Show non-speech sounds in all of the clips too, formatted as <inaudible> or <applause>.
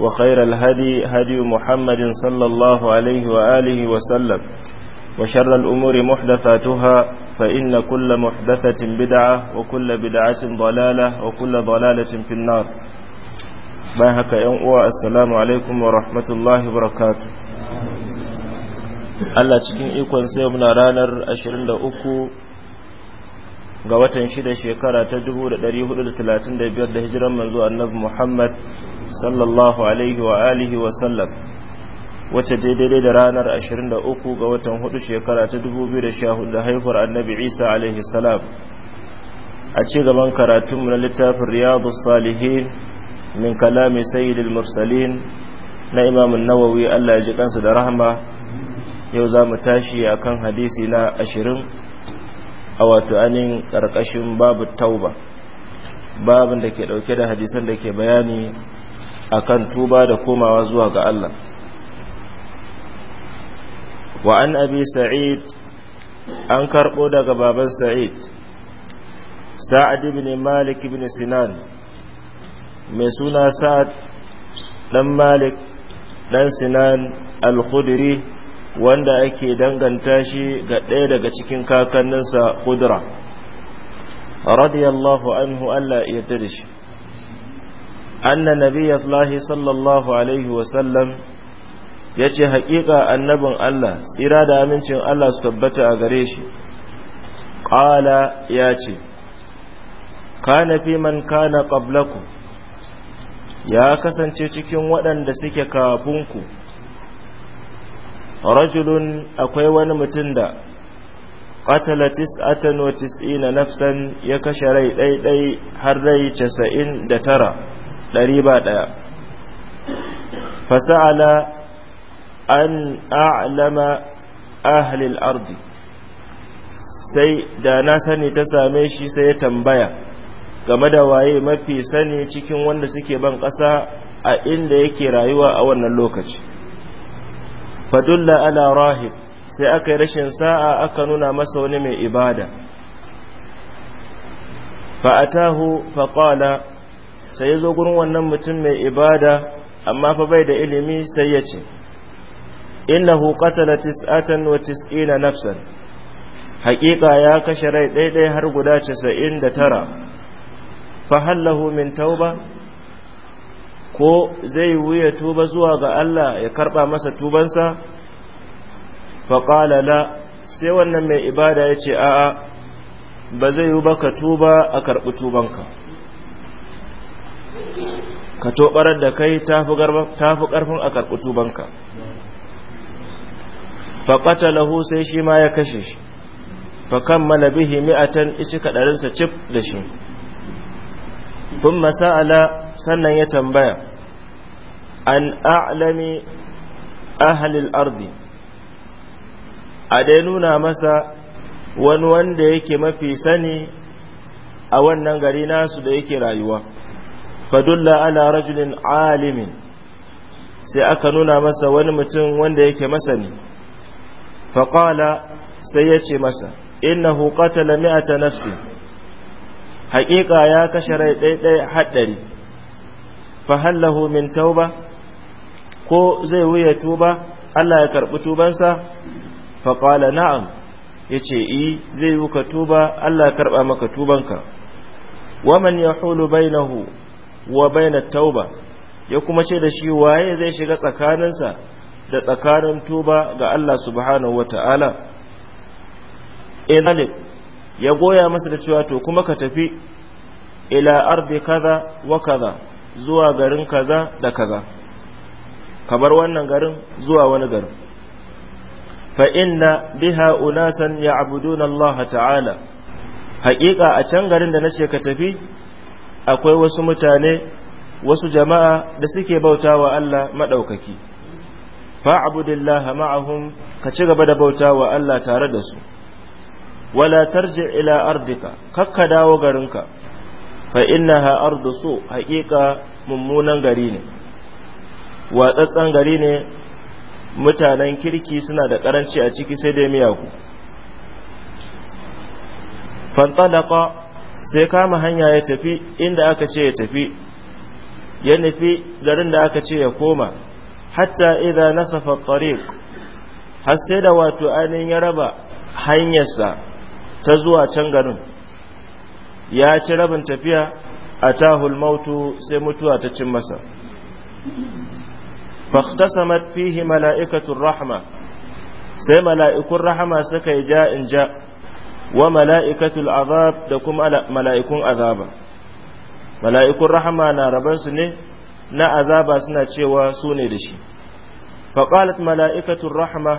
وخير الهدي هدي محمد صلى الله عليه وآله وسلم وشر الأمور محدثاتها فإن كل محدثة بدعة وكل بدعة ضلالة وكل ضلالة في النار باهك ينقوى السلام عليكم ورحمة الله وبركاته Allah cikin ikon sai muna ranar 23 ga watan shida shekara ta 1435 da hijiran manzo annabi Muhammad sallallahu alaihi wa alihi wa sallam wacce daidai da ranar 23 ga watan hudu shekara ta 2014 da haihuwar annabi Isa alaihi salam a ci gaban karatunmu na littafin Riyadu salihin min kalami sayyidil mursalin na imam nawawi Allah ya ji kansa da rahama yau za mu tashi akan hadisi na ashirin. a wato anin ƙarƙashin babu tauba babin da ke ɗauke da hadisan da ke bayani akan tuba da komawa zuwa ga Allah wa an abi sa'id an karɓo daga baban sa'id sa'ad ibn malik ibn sinan mai suna sa'ad dan malik dan sinan al-khudri wanda ake danganta shi ga ɗaya daga cikin kakanninsa khudra radiyallahu anhu Allah ya tada shi anna nabiyallahi sallallahu alaihi wa ya ce haƙiƙa annabin Allah tsira da amincin Allah su tabbata a gare shi Qala yace kana fi man kana ƙablaku ya kasance cikin waɗanda suke kafinku rajulun akwai wani mutum da qatala tis'atan wa tis'ina nafsan ya kashe rai ɗaiɗai har rai casa'in da tara ɗari ba ɗaya fasa'ala an a'lama ahlil ardi sai da na sani ta same shi sai ya tambaya game da waye mafi sani cikin wanda suke ban ƙasa a inda yake rayuwa a wannan lokaci fadulla ala rahib sai aka yi rashin sa'a aka nuna masa wani mai ibada fa'atahu faƙala sai ya zo gurin wannan mutum mai ibada amma fa bai da ilimi sai ya ce innahu qatala tis'atan wa tis'ina nafsan haƙiƙa ya kashe rai ɗaiɗai har guda casa'in da tara fahallahu min tauba ko zai wuya tuba zuwa ga Allah ya karba masa tubansa faƙala la sai wannan mai ibada ya ce a'a ba zai yi baka tuba a karɓi tubanka ka barar da kai tafi ƙarfin a karɓi tubanka faƙata lahu sai shi ma ya kashe shi fakammala bihi mi'atan ici kaɗarinsa cif da shi kuma sa'ala sannan ya tambaya an a'lami ahalil ardi a dai nuna masa wani wanda yake mafi sani a wannan gari nasu da yake rayuwa fadulla ala rajulin alimin sai aka nuna masa wani mutum wanda yake masani faƙala sai yace ce masa innahu qatala mi'ata nafsi haƙiƙa ya kashe rai ɗaiɗai haɗari fahallahu min tauba ko zai wuya tuba Allah ya karɓi tubansa qala na'am yace ce i zai yi ka tuba Allah ya karɓa maka tubanka wa ya yahulu bainahu wa bainat tauba ya kuma ce da shi waye zai shiga tsakaninsa da tsakanin tuba ga Allah subhanahu wa ta'ala ya goya masa da cewa to kuma ka tafi ila ardi kaza wa kaza zuwa garin kaza da kaza ka bar wannan garin zuwa wani garin fa inna biha unasan ya'buduna Allah ta'ala haƙiƙa a can garin da nace ka tafi akwai wasu mutane wasu jama'a da suke bautawa Allah madaukaki fa'budillaha ma'ahum ka ci gaba da bautawa Allah tare da su wala tarji ila ardika kakka dawo garinka fa innaha ardu su haƙiƙa mummunan gari ne watsatsan gari ne mutanen kirki suna da karanci a ciki sai da miyagu fantalaka sai kama hanya ya tafi inda aka ce ya tafi ya nufi garin da aka ce ya koma hatta idza nasafa tariq har sai da wato ainihin ya raba hanyarsa ta zuwa can garin ya ci rabin tafiya a tahul mautu sai mutuwa ta cin masa fahtasamat fihi mala'ikatun rahma sai mala'ikun rahama suka yi ja in ja wa mala'ikatul azab da kuma mala'ikun azaba mala'ikun rahama na rabansu ne na azaba suna cewa su ne da shi faƙalat mala'ikatun rahama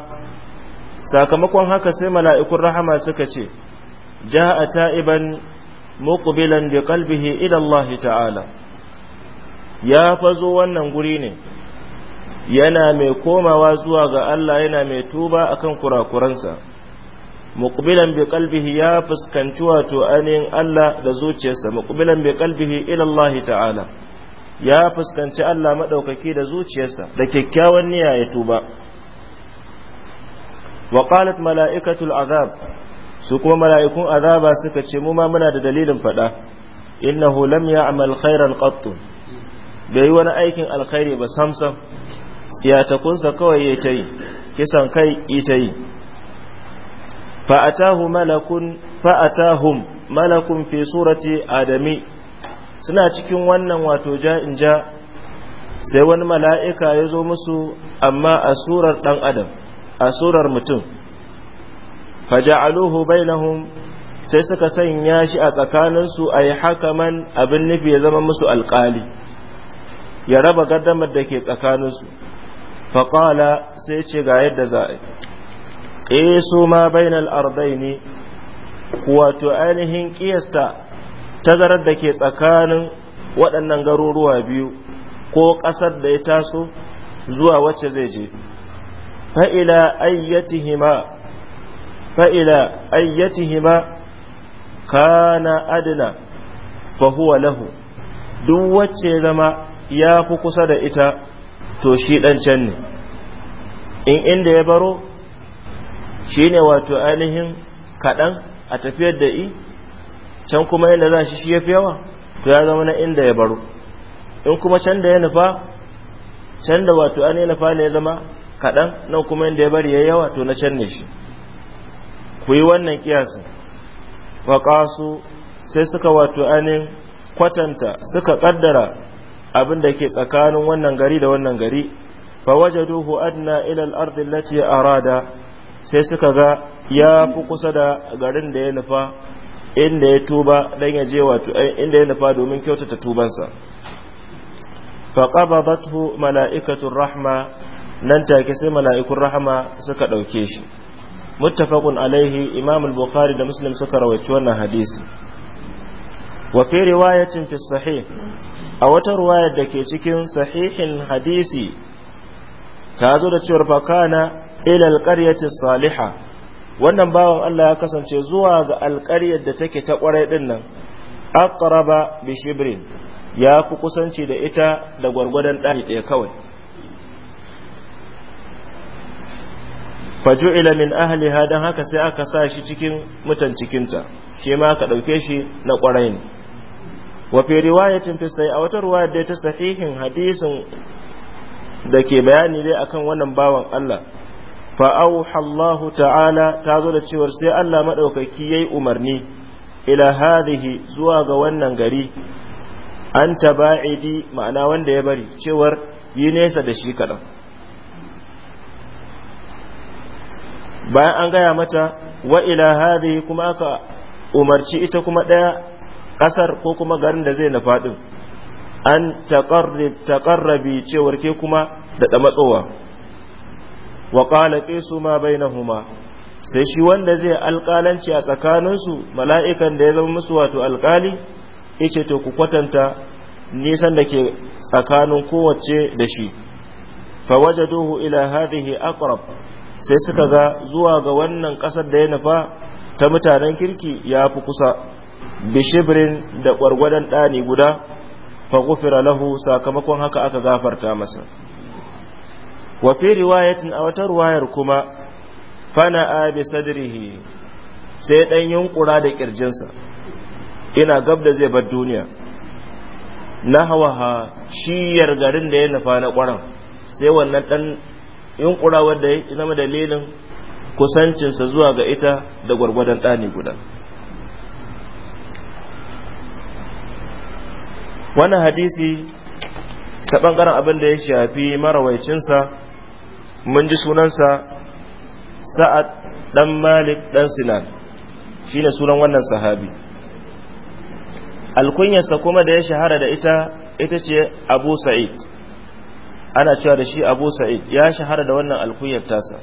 sakamakon haka sai mala'ikun rahama suka ce ja a ta'iban muƙubilan bi ƙalbihi idallahi ta'ala ya fazo wannan guri ne yana mai komawa zuwa ga Allah yana mai tuba akan kurakuransa muqbilan bi qalbihi ya fuskanci wato anin Allah da zuciyarsa muqbilan bi qalbihi ila Allah ta'ala ya fuskanci Allah madaukaki da zuciyarsa da kyakkyawan niyya ya tuba wa qalat mala'ikatul azab su kuma mala'ikun azaba suka ce mu ma muna da dalilin fada innahu lam ya'mal khairan qattu bai wani aikin alkhairi ba samsam siyatakunsa kawai ya ta yi kisan kai ita yi fa'atahu malakun malakun fi surati adami suna cikin wannan wato jainja ja sai wani mala'ika ya zo musu amma a surar ɗan adam a surar mutum faja'aluhu bainahum sai suka sanya shi a tsakaninsu a yi man abin nufi ya zama musu alƙali ya raba gardamar da ke tsakaninsu faƙala sai ce ga yadda za a yi ma bainal ardai ne wato ainihin ƙiyasta tazarar da ke tsakanin waɗannan garuruwa biyu ko ƙasar da ya taso zuwa wacce zai je fa'ila ayyatihima fa'ila ayyatihima kana adina fa huwa lahu duk wacce zama ya fi kusa da ita to shi ɗan can ne in inda ya baro shi ne wato ainihin kaɗan a tafiyar da i can kuma inda za shi shi ya fi yawa to ya zama na inda ya baro in kuma can da ya nufa can da wato an nufa ne ya zama kaɗan nan kuma inda ya bari ya yawa to na can ne shi ku yi wannan kiyasin wa sai suka wato ainihin kwatanta suka ƙaddara abin da ke tsakanin wannan gari da wannan gari fa wajaduhu adna ila al-ard allati arada sai suka ga ya fi kusa da garin da ya nufa inda ya tuba dan ya je wato eh, inda ya nufa domin kyautata tubansa fa qabadathu mala'ikatu rahma nan take sai mala'ikun rahma suka dauke shi muttafaqun alaihi imam al-bukhari da muslim suka rawaito wannan hadisi wa fi riwayatin fi sahih a wata ruwayar da ke cikin sahihin hadisi ta zo da cewar fakana ila alƙaryati saliha wannan bawan Allah ya kasance zuwa ga alƙaryar da take ta kwarai din nan aqraba bi shibrin ya fi kusanci da ita da gwargwadon ɗari ɗaya kawai ila min ahliha dan haka sai aka sa shi cikin mutan cikinta shi ma aka ɗauke shi na ƙwarai ne wa fi riwayatin fi a wata ruwa da ta sahihin hadisin da ke bayani dai akan wannan bawan Allah fa auha ta'ala ta zo da cewar sai Allah madaukaki yayi umarni ila hadhihi zuwa ga wannan gari an taba'idi ma'ana wanda ya bari cewar yi nesa da shi kaɗan bayan an gaya mata wa ila hadhihi kuma aka umarci ita kuma ɗaya Kasar ko kuma garin da zai na fadin an taƙarrabi cewar ke kuma da matsowa wa ƙala su ma bai huma sai shi wanda zai alƙalanci a tsakaninsu mala'ikan da ya zama musu wato alƙali ice to ku kwatanta nisan da ke tsakanin kowace da shi fawajaduhu ila hadhihi aqrab sai suka ga zuwa ga wannan ƙasar da ya nufa ta mutanen kirki ya fi kusa bishibirin da ƙwargwadon ɗani guda fa gufira lahu sakamakon haka aka gafarta masa wa fi riwayatin a wata ruwayar kuma fana bi sadrihi sai dan yunkura da ƙirjinsa ina gab da zai bar duniya Na ha shiyar garin da ya nufa na kwaran sai wannan ɗan yunkura wanda ya zama dalilin kusancinsa zuwa ga ita da gwargwadon ɗani guda wannan hadisi ta bangaren abin da ya shafi marawaicinsa mun ji sunansa sa'ad dan malik dan sinan shine sunan wannan sahabi alkunyarsa kuma da ya shahara da ita ita ce abu sa'id ana cewa da shi abu sa'id ya shahara da wannan alkunyar tasa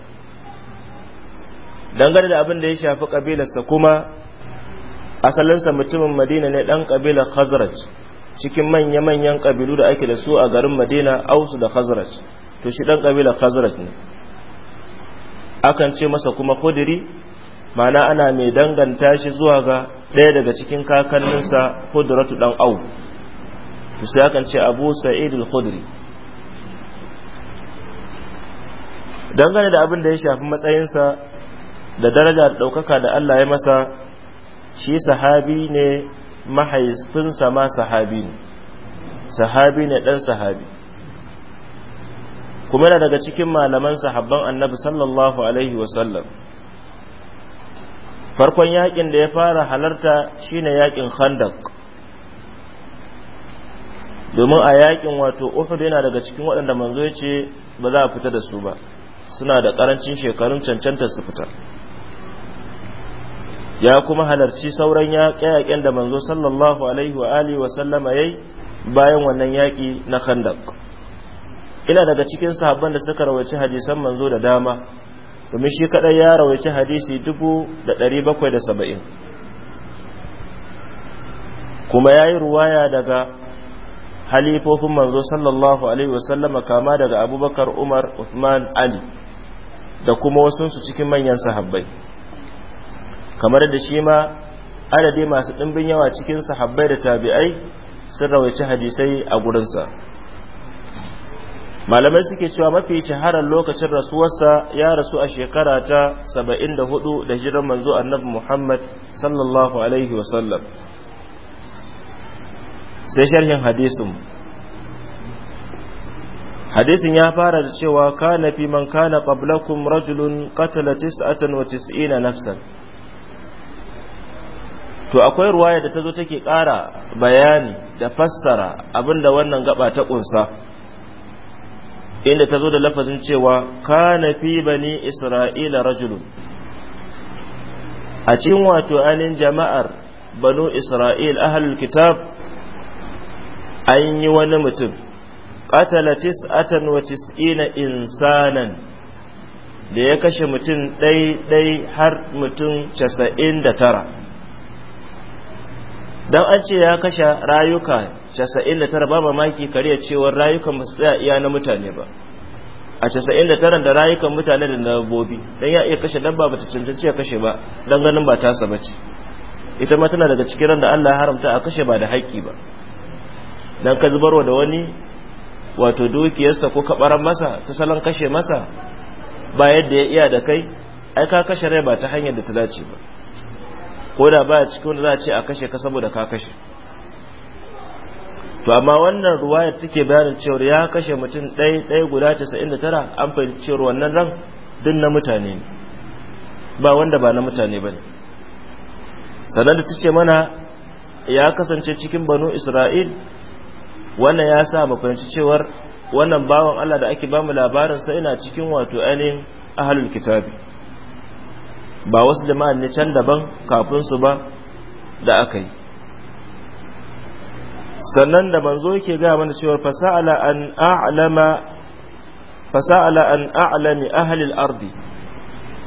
dangane da abin da ya shafi kabilarsa kuma asalinsa mutumin madina ne dan kabilar khazraj cikin manya-manyan kabilu da ake da su a garin madina ausu da khazraj to shi dan kabila khazraj ne akan ce masa kuma khudiri mana ana mai danganta shi zuwa ga ɗaya daga cikin kakanninsa khudratu dan au to sai akan ce abu sa'id al-khudri dangane da abin da ya shafi matsayinsa da daraja da ɗaukaka da Allah ya masa shi sahabi ne mahaifinsa ma sahabi ne sahabi ne ɗan sahabi kuma yana daga cikin malaman sahabban annabi sallallahu alaihi wasallam farkon yakin da ya fara halarta shine yakin khandak domin a yakin wato uhud yana daga cikin waɗanda manzo ya ce ba za a fita da su ba suna da ƙarancin shekarun cancanta su fita ya kuma halarci sauran yaƙe-yaƙen da manzo sallallahu alaihi wa alihi wa sallama yayi bayan wannan yaƙi na khandaq ina daga cikin sahabban da suka rawaci hadisan manzo da dama domin shi kadai ya rawaci hadisi 1770 kuma yayi ruwaya daga halifofin manzo sallallahu alaihi wa sallama kama daga Abubakar Umar Uthman Ali da kuma wasunsu cikin manyan sahabbai kamar da shi ma adadi masu ɗimbin yawa cikin sahabbai da tabi'ai sun rawaici hadisai a gurinsa malamai suke cewa mafi shaharar lokacin rasuwarsa ya rasu a shekara ta 74 da hijiran manzo annabi Muhammad sallallahu alaihi wasallam sai sharhin hadisin hadisin ya fara da cewa kana fi man kana qablakum rajulun qatala 99 nafsan to akwai ruwaya da ta zo take ƙara bayani da fassara abinda wannan gaba ta kunsa. inda ta zo da lafazin cewa kana fi bani isra'ila rajulun a cikin wato anin jama'ar banu isra'il ahlul kitab an yi wani mutum qatala tis'atan wa tis'ina insanan da ya kashe mutum ɗai-ɗai har mutum casa'in da tara dan an ce ya kashe rayuka 99 ba mamaki kare cewa rayukan ba su iya na mutane ba a 99 da rayukan mutane da dabbobi dan ya iya kashe dabba ba ta cancanci ya kashe ba dan ganin ba ta saba ce. ita ma tana daga cikin ran da Allah ya haramta a kashe ba da haƙƙi ba dan ka zubarwa da wani wato dukiyarsa ko kabaran masa ta salon kashe masa ba yadda ya iya da kai ai ka kashe rai ba ta hanyar da ta dace ba ko da baya cikin wanda za a ce a kashe ka saboda ka kashe to amma wannan ruwaya take bayanin cewar ya kashe mutum ɗaya ɗaya guda casa'in da tara an fahimci cewar wannan ran din na mutane ne ba wanda ba na mutane ba ne sannan da take mana ya kasance cikin banu isra'il wannan ya sa mu fahimci cewar wannan bawan allah da ake ba mu labarin sai ina cikin wato ainihin ahalul kitabi ba wasu jama'an ne can daban kafin su ba da aka yi sannan da manzo yake ga mana cewa fasa'ala an a'lama fasa'ala an a'lami ahli al-ardi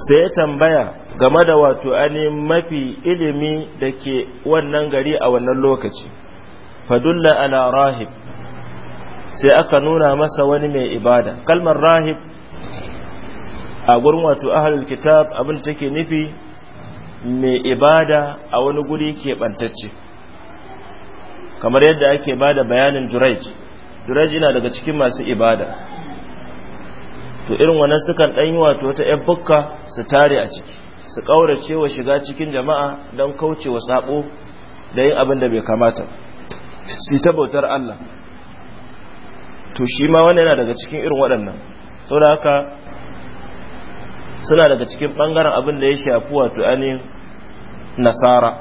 sai tambaya game da wato ani mafi ilimi da ke wannan gari a wannan lokaci fadulla ala rahib sai aka nuna masa wani mai ibada kalmar rahib a gurin wato ahalul kitab abin take nufi mai ibada a wani guri ke bantacce kamar yadda ake ba da bayanin juraj juraj yana daga cikin masu ibada to irin wannan sukan ɗan yi wato ta ‘yan bukka su tare a ciki su ƙaurace wa shiga cikin jama'a don kauce wa saɓo da yin abin da bai kamata su ta bautar Allah to shi ma wani yana daga cikin irin waɗannan sau da haka suna daga cikin bangaren abin da ya shafi wato ainihin nasara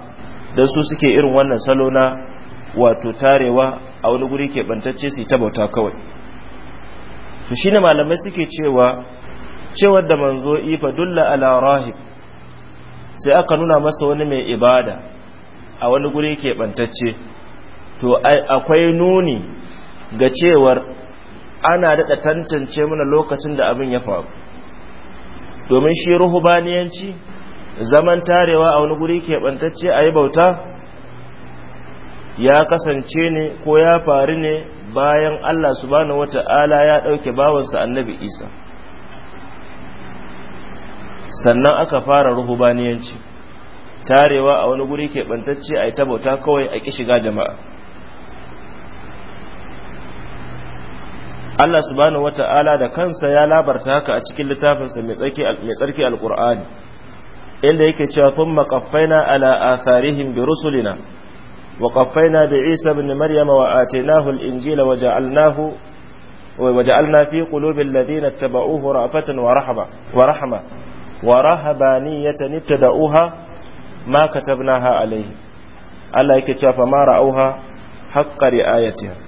don su suke irin wannan salo na wato tarewa a wani guri keɓantacce su yi tabauta kawai su shi ne malamai suke cewa cewar da manzo ifa dulla ala rahib sai aka nuna masa wani mai ibada a wani guri keɓantacce to akwai nuni ga cewar ana daɗa tantance mana lokacin da abin ya faru domin shi ruhubaniyanci zaman tarewa a wani guri keɓantacce a yi bauta ya kasance ne ko ya faru ne bayan Allah Su bani wata ala ya ɗauke bawansa annabi isa sannan aka fara ruhubaniyanci tarewa a wani guri keɓantacce a yi ta bauta kawai a ƙi shiga jama'a Allah subhanahu wata'ala da kansa ya labarta haka a cikin littafinsa mai tsarki alkur'ani inda yake cewa kun makaffaina ala atharihim bi rusulina wa qaffaina isa ibn maryama wa atainahu al-injila wa ja'alnahu wa ja'alna fi qulubi alladhina ittaba'uhu rafatan wa rahma wa rahma wa rahabaniyatan ittada'uha ma katabnaha alayhi Allah yake cewa ma ra'uha haqqa ri'ayatihim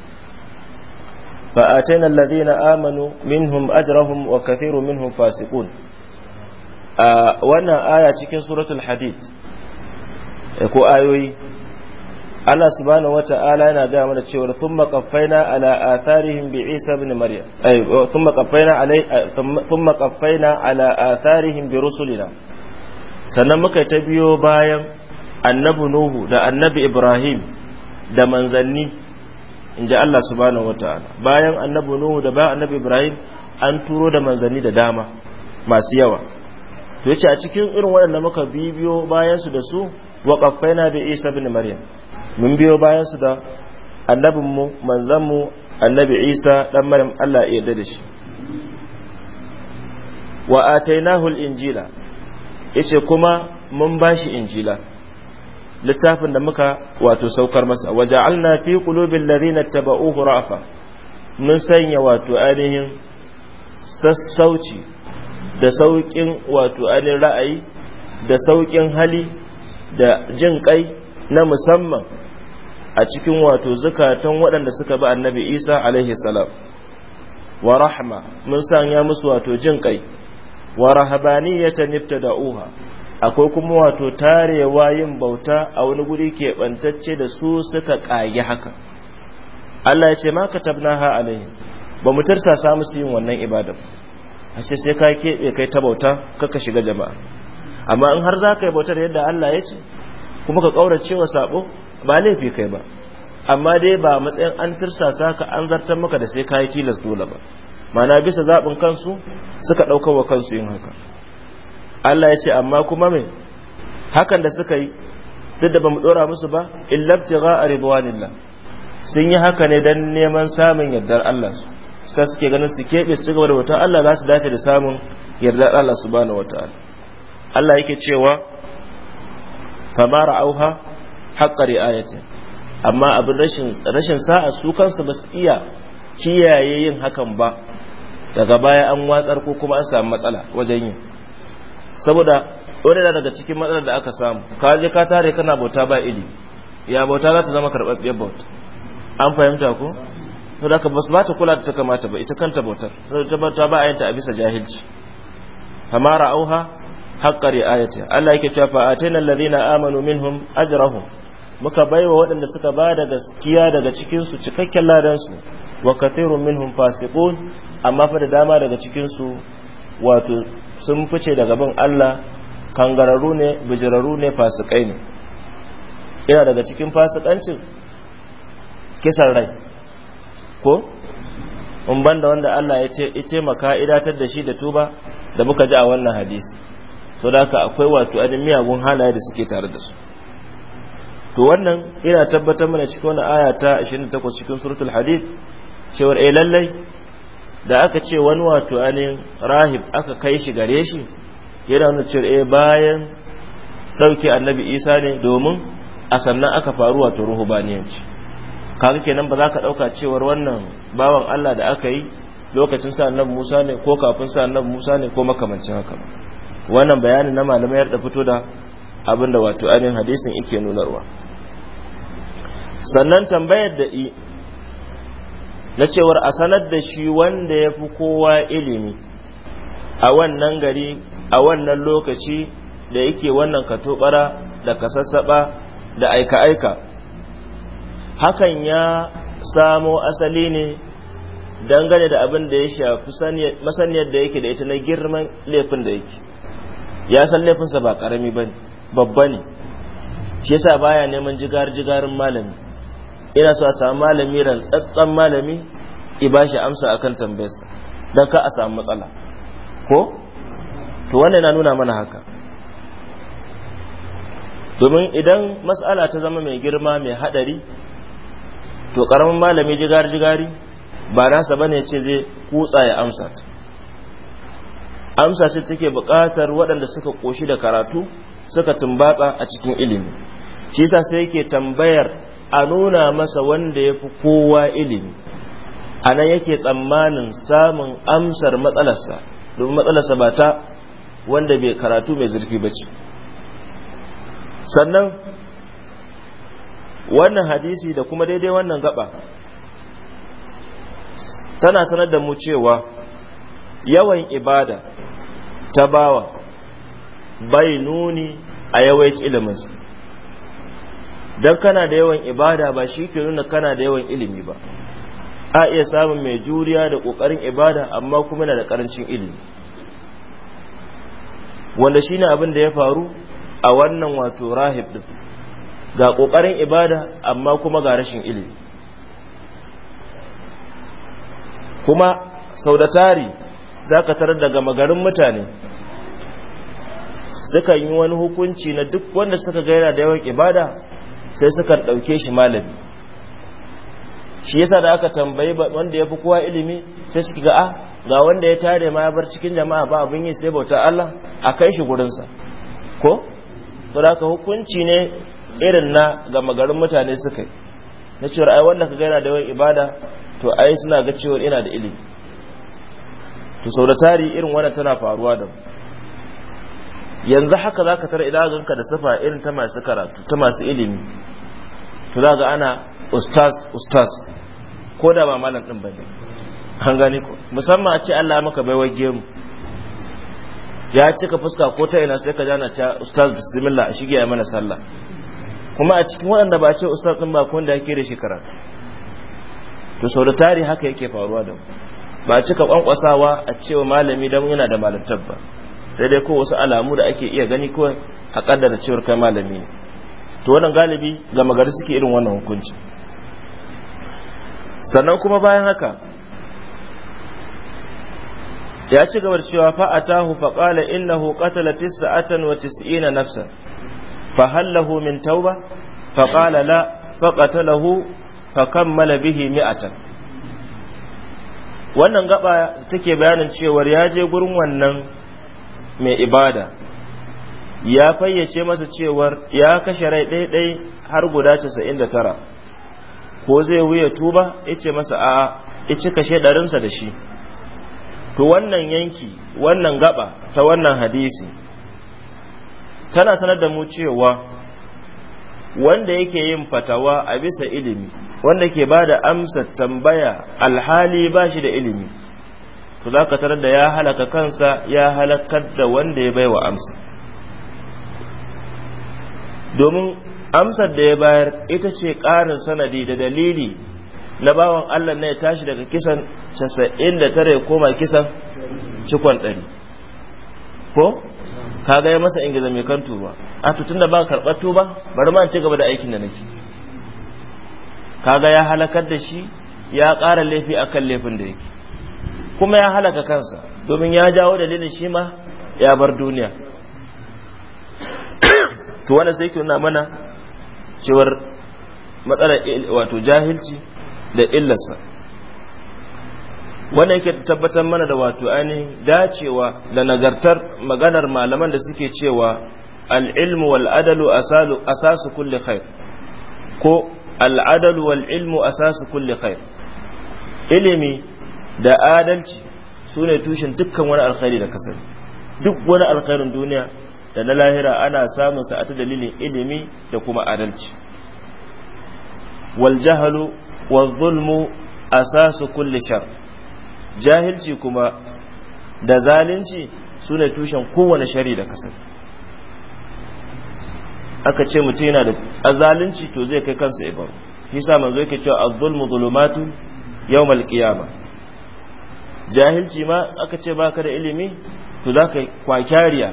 فآتينا الذين آمنوا منهم أجرهم وكثير منهم فاسقون آه وانا آية cikin suratul hadid ko ayoyi Allah wata ala yana ga mana cewa thumma qaffaina ala atharihim bi Isa ibn Maryam ay thumma ala atharihim bi rusulina sannan muka ta biyo bayan annabi Nuhu da annabi Ibrahim da manzanni In ji Allah subhanahu wataala bayan annabi Nuhu da ba annabi Ibrahim an turo da manzanni da dama masu yawa to yace a cikin irin waɗanda muka bibiyo bayan su da su wa na bi Isa ibn Maryam mun biyo bayan su da annabinmu manzanmu annabi Isa dan Maryam Allah ya yarda da shi wa atainahu al-injila yace kuma mun bashi injila littafin da muka wato saukar masa Waje waja'alna fi qulubil ladina tabauhu rafa mun sanya wato ainihin sassauci da saukin wato ainihin ra'ayi da sauƙin hali da jin ƙai na musamman a cikin wato zukatan waɗanda suka bi annabi isa alaihi salam wa rahma mun sanya musu wato jin kai wa rahabaniyatan ibtada'uha akwai kuma wato tarewa yin bauta a wani guri keɓantacce da su suka ƙagi haka Allah ya ce ma katabna ha alaihi ba mu tarsasa musu yin wannan ibada a ce sai ka keɓe kai ta bauta kaka shiga jama'a amma in har za ka yi bautar yadda Allah ya ce kuma ka ƙaura wa sabo ba laifi kai ba amma dai ba matsayin an tirsasa ka an zartar maka da sai ka yi tilas dole ba mana bisa zaɓin kansu suka ɗaukar wa kansu yin haka Allah ya ce amma kuma me hakan da suka yi duk da bamu dora musu ba illabtigha ridwanillah sun yi haka ne dan neman samun yardar Allah sai suke ganin su keɓe su cigaba da wata Allah za su dace da samun yardar Allah subhanahu wataala Allah yake cewa famara auha haqqa ri'ayati amma abin rashin rashin sa'a su kansu ba su iya kiyaye yin hakan ba daga baya an watsar ko kuma an samu matsala wajen yin saboda wani da daga cikin matsalar da aka samu ka je ka tare kana bauta ba ili ya bauta za ta zama karɓaɓɓiyar bauta an fahimta ko to da ka ba ta kula da ta kamata ba ita kanta bautar sai ta bauta ba ayyanta a bisa jahilci amma ra'auha ya ayyata Allah yake cewa fa atayna alladhina amanu minhum ajrahum muka baiwa waɗanda suka ba da gaskiya daga cikin su cikakken ladan su wa kathirun minhum fasiqun amma fa da dama daga cikin su wato sun fice daga bin Allah kangararru ne bijirarru ne fasikai ne Ina daga cikin fasikancin kisan rai ko in da wanda Allah ya ce ya taimaka idatar da shi da tuba da muka ji a wannan hadisi to da haka akwai wato adin miyagun halaye da suke tare da su to wannan ina tabbatar mana cikin wannan aya ta 28 cikin suratul hadid cewa eh lallai da aka ce wani wato anin rahib aka kai shi gare shi yana nuna cewa eh, bayan ɗauke annabi isa ne domin a sannan aka faru wato ruhubaniyanci kaga kenan ba za ka ɗauka cewar wannan bawan allah da aka yi lokacin sa annabi musa ne ko kafin sa annabi musa ne ko makamancin haka wannan bayanin na malamai da fito da abinda wato anin hadisin yake nunarwa sannan tambayar da na cewar a sanar da shi wanda ya fi kowa ilimi a wannan gari a wannan lokaci da yake wannan katobara da kasassaba da aika-aika hakan ya samo asali ne dangane da abin da ya shafi masaniyar da yake da ita na girman laifin da yake ya san laifinsa ba karami ba babba ne shi yasa baya neman jigar-jigarin malami ina so a samu malami rantsatsen malami i ba shi amsa akan tambayarsa don ka a samu matsala ko to wannan na nuna mana haka domin idan mas'ala ta zama mai girma mai hadari to karamin malami jigari-jigari ba nasa bane ce zai kutsa ya amsa ta amsa ce take bukatar waɗanda suka koshi da karatu suka tumbatsa a cikin ilimi shi yasa sai yake tambayar a nuna masa wanda ya fi kowa ilimi a nan yake tsammanin samun amsar matsalarsa domin matsalarsa ba ta wanda bai karatu mai zurfi ba ce sannan wannan hadisi da kuma daidai wannan gaba tana sanar da mu cewa yawan ibada ta bawa bai nuni a yawaici iliminsa dan kana da yawan ibada ba shi ke nuna kana da yawan ilimi ba a iya samun mai juriya da ƙoƙarin ibada amma kuma na da ƙarancin ilimi wanda shine abin da ya faru a wannan wato rahib din ga ƙoƙarin ibada amma kuma ga rashin ilimi kuma sau da tari za ka tarar daga magarin mutane suka yi wani hukunci na duk wanda suka gaira da yawan ibada sai suka ɗauke shi malami shi yasa da aka tambayi wanda ya fi kowa ilimi sai suka ga a ah, ga wanda ya tare ma ya bar cikin jama'a ba abin yi sai bauta Allah a kai shi gurinsa ko to da hukunci ne irin na gama garin mutane suka yi na cewar ai wanda ka yana da yawan ibada to ai suna ga cewar ina da ilimi to sau da tari irin wannan tana faruwa da mu yanzu haka za ka tara idaganka da safa irin ta masu karatu ta masu ilimi to za ga ana ustaz ustaz ko da ba malam ɗin ba ne an gani ko musamman a ce allah maka baiwa gemu ya cika fuska ko ta ina sai ka jana ta ustaz bismillah a shige ya mana sallah kuma a cikin waɗanda ba ce ustaz ɗin ba wanda yake da shekara to sau da tari haka yake faruwa da ba a cika kwankwasawa a cewa malami don yana da malantar ba sai dai ko wasu alamu da ake iya gani ko a kaddara cewar kai malami ne to wannan galibi gama gari suke irin wannan hukunci sannan kuma bayan haka ya ci gaba da cewa fa atahu fa qala innahu qatala tis'atan wa tis'ina nafsan fa hal min tauba fa qala la fa qatalahu fa kammala bihi mi'atan wannan gaba take bayanin cewar ya je gurin wannan mai ibada ya fayyace masa cewar ya kashe rai ɗaiɗai har guda casa'in da tara ko zai wuya tuba ice masa a ice kashe ɗarinsa da shi to wannan yanki wannan gaba ta wannan hadisi tana sanar da mu cewa wanda yake yin fatawa a bisa ilimi wanda ke ba da amsa tambaya alhali ba shi da ilimi to za ka tarar da ya halaka kansa ya halakar da wanda ya baiwa amsa domin amsar da ya bayar ita ce ƙarin sanadi da dalili na bawan Allah na ya tashi daga kisan casa'in 99 ya koma kisan cikon 100 ko ka gaya masa ingiza mai kan tuba a tutun da ba karɓar tuba bari ma ci gaba da aikin da nake kaga ya halakar da shi ya ƙara laifi akan laifin da yake kuma ya halaka kansa domin ya jawo dalilin shi ma ya bar duniya <coughs> to wani sai ke mana cewar matsalar wato jahilci da illarsa wannan yake tabbatar mana da wato ainihin dacewa da nagartar maganar malaman da suke cewa al'ilmu wal'adalu asasu kulli khair ko al'adalu wal'ilmu asasu kulli khair ilimi da adalci su ne tushen dukkan wani alkhairi da kasar duk wani alkhairin duniya da na lahira ana samun sa a ta dalilin ilimi da kuma adalci wal jahalu wa zulmu asasu kulli shar jahilci kuma da zalunci su ne tushen kowane shari da kasar aka ce mutum yana da azalunci to zai kai kansa ibaru shi sa manzo yake cewa az-zulmu zulumatu yawmal qiyamah jahilci ma aka ce baka da ilimi to za ka kwakyariya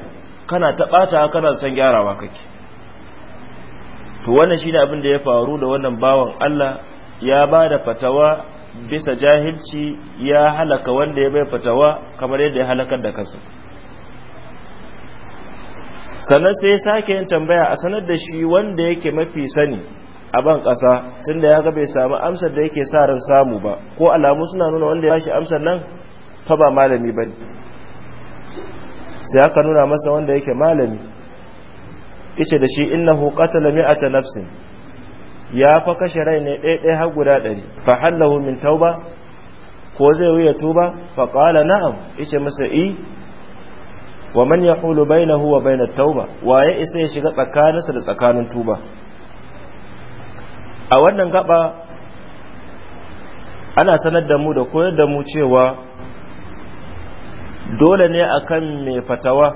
kana ta ɓata kana san gyarawa kake to wannan shine abin da ya faru da wannan bawan Allah ya ba da fatawa bisa jahilci ya halaka wanda ya bai fatawa kamar yadda ya halakar da kansa sannan sai ya sake yin tambaya a sanar da shi wanda yake mafi sani a ban ƙasa tunda ya ga bai samu amsar da yake sa ran samu ba ko alamu suna nuna wanda ya shi amsar nan fa ba malami bane sai aka nuna masa wanda yake malami yace da shi innahu qatala mi'ata nafsin ya fa kashe rai ne dai har guda ɗari fa hallahu min tauba ko zai wuya tuba fa qala na'am yace masa i wa man yahulu bainahu wa bainat tauba ya isa ya shiga tsakaninsa da tsakanin tuba a wannan gaba ana sanar da mu da koyar da mu cewa dole ne a kan mai fatawa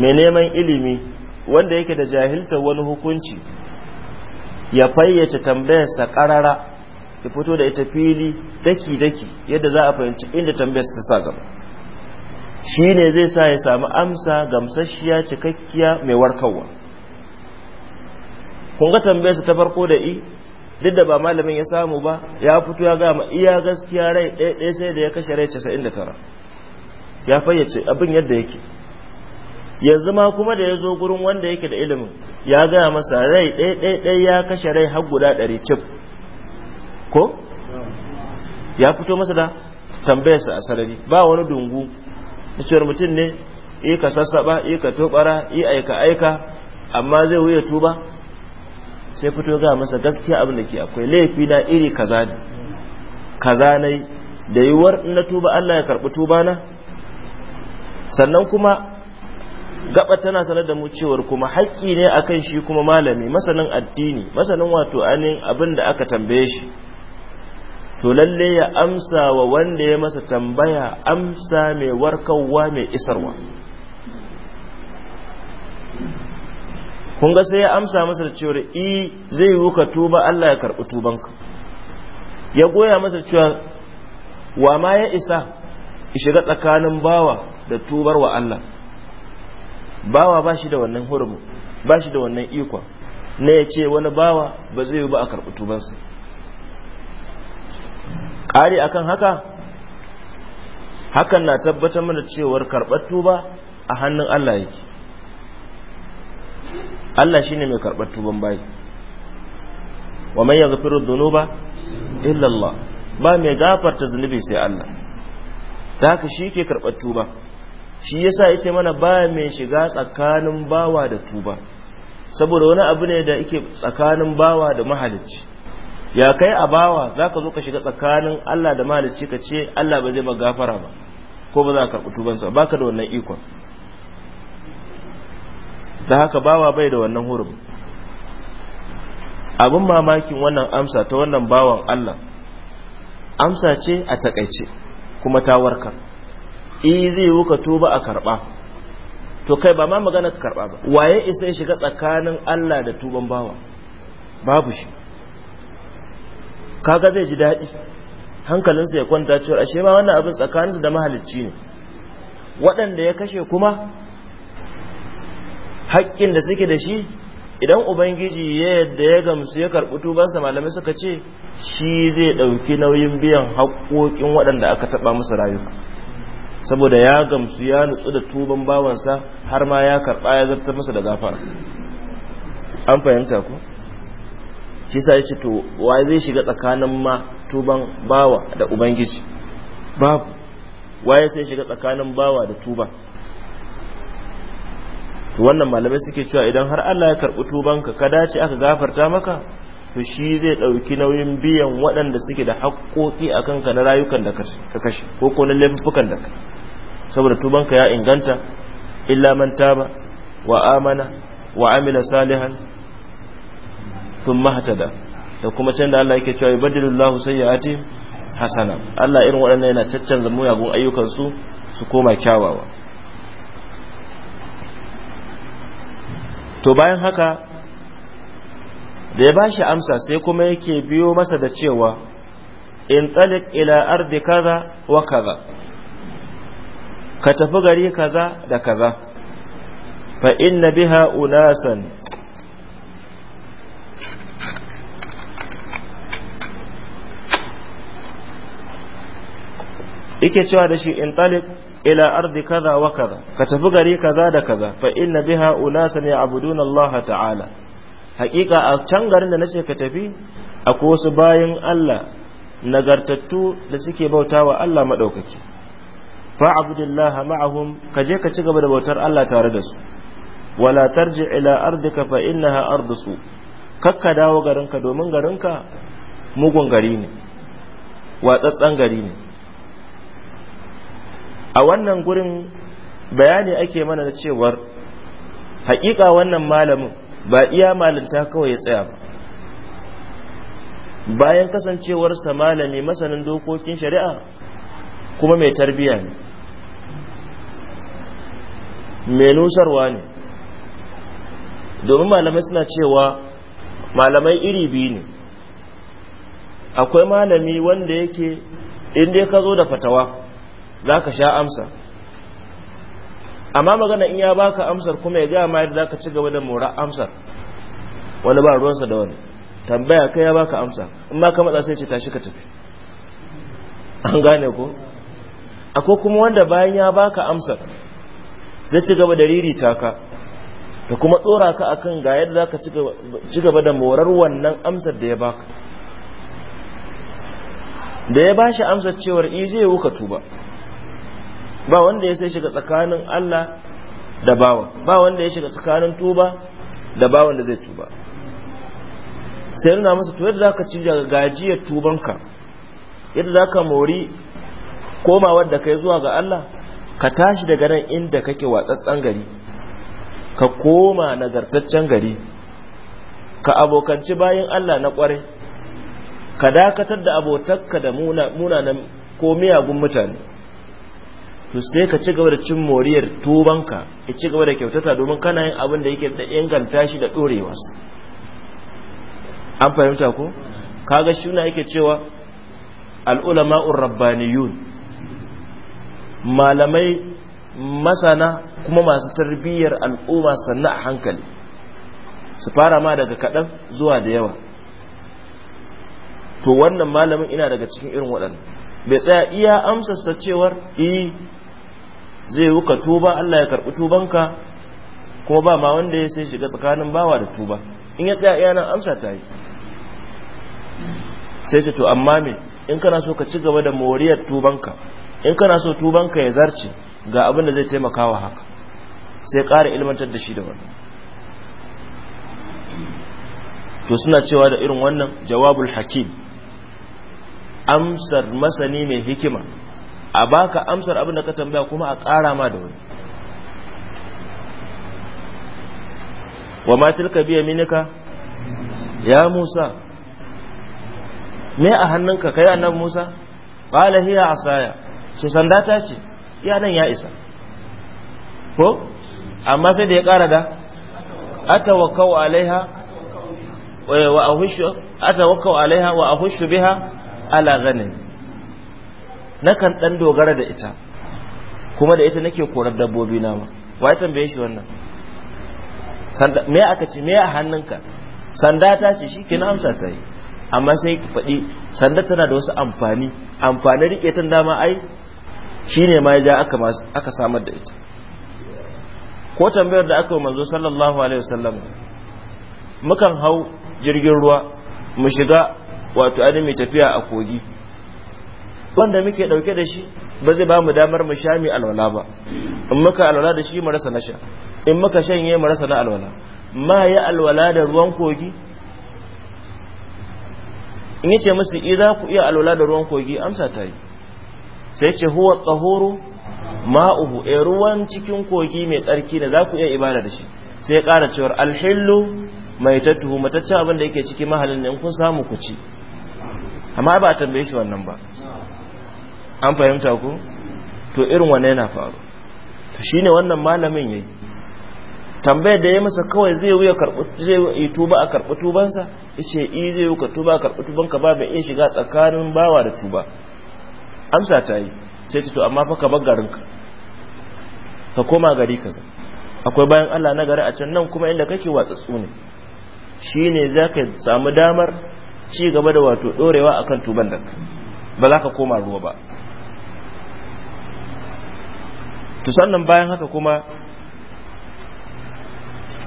mai neman ilimi wanda yake da jahilta wani hukunci ya fayyace tambayarsa karara ya fito da ita fili daki-daki yadda za a fahimci inda tambayarsa ta sa gaba shi ne zai sa ya sami amsa gamsasshiya cikakkiya mai warkarwa kunga tambayarsa ta farko da i duk da ba malamin ya samu ba ya fito ya gama iya gaskiya rai ɗaya sai da ya kashe rai 99 ya fayyace abin yadda yake yanzu ma kuma da ya zo gurin wanda yake da ilimin ya gaya masa rai ɗaiɗaiɗai ya kashe rai har guda ɗari cif ko ya fito masa da tambayarsa a sarari ba wani dungu na cewar mutum ne eh eh eh yi ka sassaɓa yi ka tobara yi aika aika amma zai wuya tuba sai fito ga masa gaskiya abin da ke akwai laifi na iri kaza ne kaza da yiwuwar na tuba Allah ya karɓi tuba na sannan kuma gaba tana sanar da mu cewar kuma haƙƙi ne akan shi kuma malami masanin addini masanin wato anin abin da aka tambaye shi to lalle ya amsa wa wanda ya masa tambaya amsa mai warkarwa mai isarwa kun ga sai ya amsa masa da cewar i zai yi ka tuba Allah ya karɓi tubanka ya goya masa cewa wa ma ya isa shiga tsakanin bawa da tubar wa Allah bawa ba shi da wannan hurumu ba shi da wannan ikon na ya ce wani bawa ba zai ba a karɓi tubansa ƙari akan haka hakan na tabbatar mana cewar karɓar tuba a hannun Allah yake Allah shine mai karɓar tuban bayi wa man yaghfiru dhunuba illa Allah ba mai gafarta zunubi sai Allah ta haka shi ke karɓar tuba shi yasa yace mana ba mai shiga tsakanin bawa da tuba saboda wani abu ne da yake tsakanin bawa da mahalicci ya kai a bawa zaka zo ka shiga tsakanin Allah da mahalicci ka ce Allah ba zai ba gafara ba ko ba za ka karɓi tubansa baka da wannan ikon da haka bawa bai da wannan hurum. abin mamakin wannan amsa ta wannan bawan Allah amsa ce a takaice kuma ta warkar i e, zai yi ka tuba a karba to kai ba ma magana ka karba ba waye isa ya shiga tsakanin Allah da tuban bawa babu shi kaga zai ji daɗi hankalinsa ya kwanta cewa ashe ma wannan abin tsakaninsu da mahalicci ne waɗanda ya kashe kuma haƙƙin da suke da shi idan ubangiji ya yadda ya gamsu ya karɓi tubansa malamai suka ce shi zai ɗauki nauyin biyan haƙƙoƙin waɗanda aka taɓa musu rayuka saboda ya gamsu ya nutsu da tuban bawansa har ma ya karɓa ya zartar masa da gafara an fahimta ku shi sa ya ce to wa zai shiga tsakanin ma tuban bawa da ubangiji babu waye sai shiga tsakanin bawa da tuba to wannan malamai suke cewa idan har Allah ya karɓi tubanka ka dace aka gafarta maka to shi zai ɗauki nauyin biyan waɗanda suke da haƙoƙi a kanka na rayukan da ka kashe ko ko na laifukan da ka saboda tubanka ya inganta illa man taba wa amana wa amina salihan tun hatada da kuma can da Allah yake cewa ibadillahu ati hasana Allah irin waɗannan yana caccanza muyagun ayyukan su su koma kyawawa to bayan haka da ya shi amsa sai kuma yake biyo masa da cewa in talik ila ardi kaza wa kaza ka tafi gari kaza da kaza fa inna biha unasan yake cewa da shi in talik ila ardi kaza wa kaza ka tafi gari kaza da kaza fa inna biha unasan ya abudun Allah ta'ala hakika a can garin da na ce ka tafi akwai wasu bayan Allah nagartattu da suke bautawa Allah madaukaki fa abdullah ma'ahum ka je ka ci gaba da bautar Allah tare da su wala tarji ila ardika fa innaha ardusu kakka dawo garinka domin garinka mugun gari ne watsatsan gari ne a wannan gurin bayani ake mana da cewar haƙiƙa wannan malamin ba iya malinta kawai ya tsaya ba bayan kasancewarsa malami masanin dokokin shari'a kuma mai tarbiya ne mai nusarwa ne domin malamai suna cewa malamai iri biyu ne akwai malami wanda yake inda ka zo da fatawa za ka sha amsa amma magana in ya baka amsar kuma ya gaya ma yadda ka ci gaba da mora amsar wani ba ruwansa da wani tambaya kai ya baka amsa in ma ka matsa sai ce tashi ka tafi an gane ko akwai kuma wanda bayan ya baka amsa zai ci gaba da ririta ka da kuma tsora ka akan ga yadda ka ci gaba da morar wannan amsar da ya baka da ya shi amsar cewar i eh, zai wuka tuba ba wanda ya sai shiga tsakanin Allah da bawa ba wanda ya shiga tsakanin tuba da bawan da zai tuba sai nuna masa to yadda zaka ci daga gajiyar tubanka yadda zaka mori komawar da kai zuwa ga Allah ka tashi daga nan inda kake watsatsan gari ka koma nagartaccen gari ka abokanci bayan Allah na kwarai ka dakatar da abotarka da munanan ko miyagun mutane to sai ka ci gaba da cin moriyar tubanka ka ci gaba da kyautata domin kana yin abin da yake da inganta shi da ɗorewa an fahimta ko kaga shi na yake cewa al'ulama urabbaniyun malamai masana kuma masu tarbiyyar al'umma sannu a hankali su fara ma daga kaɗan zuwa da yawa to wannan malamin ina daga cikin irin waɗanda bai tsaya iya amsasta cewar yi eh, zai wuka tuba Allah ya karɓi tubanka kuma ba ma wanda ya sai shiga tsakanin bawa da tuba in ya tsaya iyana amsa ta yi sai shi to amma me in kana so ka ci gaba da moriyar tubanka in kana so tubanka ya zarce ga abin da zai taimaka wa haka sai ƙara ilmantar da shi da wannan to suna cewa da irin wannan jawabul hakim amsar masani mai hikima a baka amsar abin da ka tambaya kuma a ƙara ma da wani wa ma tilka biya minika ya musa me a hannunka kai annabi musa qala hiya asaya ce sanda ta ce ya ya isa ko amma sai da ya ƙara da atawakkau alaiha wa ahushu atawakkau wa ahushu biha ala nakan ɗan dogara da ita kuma da ita nake korar dabbobi na ma wai tambaye shi wannan me aka ce me a hannunka sanda ta ce shi ke na amsa ta yi amma sai ki faɗi sanda tana da wasu amfani amfani rike ta dama ai shi ne ma ja aka samar da ita ko tambayar da aka yi manzo sallallahu alaihi wasallam mukan hau jirgin ruwa mu shiga wato ainihin mai tafiya a kogi wanda muke dauke da shi ba zai ba mu damar mu sha mi alwala ba in muka alwala da shi mu rasa na sha in muka shanye mu rasa na alwala ma ya alwala da ruwan kogi in yace musu idza eh, za ku iya alwala da ruwan kogi amsa ta yi sai ce huwa tahuru ma'uhu e ruwan cikin kogi mai tsarki ne za ku iya ibada da shi sai ya ƙara cewar alhillu mai tattuhu mataccen abin da yake ciki mahallin in kun samu ku ci amma ba a tambaye shi wannan ba an fahimta ku? to irin wanne yana faru to shine wannan malamin yayi tambayar da ya masa kawai zai wuya zai yi tuba a karɓi tubansa yace i zai wuka tuba a karɓi tubanka ba mai iya shiga tsakanin bawa da tuba amsa ta yi sai ce to amma fa ka bar garinka ka koma gari ka kaza akwai bayan Allah na gari a can nan kuma inda kake watsatsu ne shine zaka samu damar ci gaba da wato dorewa akan tuban da ba za ka koma ruwa ba to sannan bayan haka kuma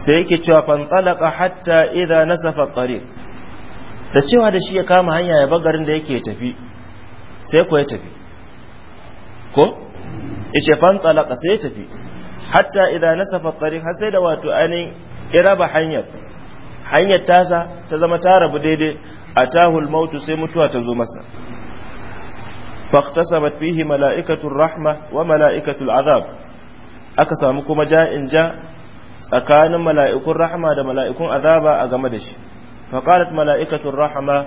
sai yake cewa fantalaka hatta idza nasafa tariq da cewa da shi ya kama hanya ya bagarin da yake tafi sai ko ya tafi ko yace fantalaka sai ya tafi hatta idza nasafa tariq har sai da wato anin iraba hanyar hanyar tasa ta zama ta rabu daidai atahul mautu sai mutuwa ta zo masa faqtasabat fihi mala'ikatun rahma wa mala'ikatun azab aka samu kuma ja'in ja tsakanin mala'ikun rahma da mala'ikun azaba a game da shi faqalat mala'ikatul rahma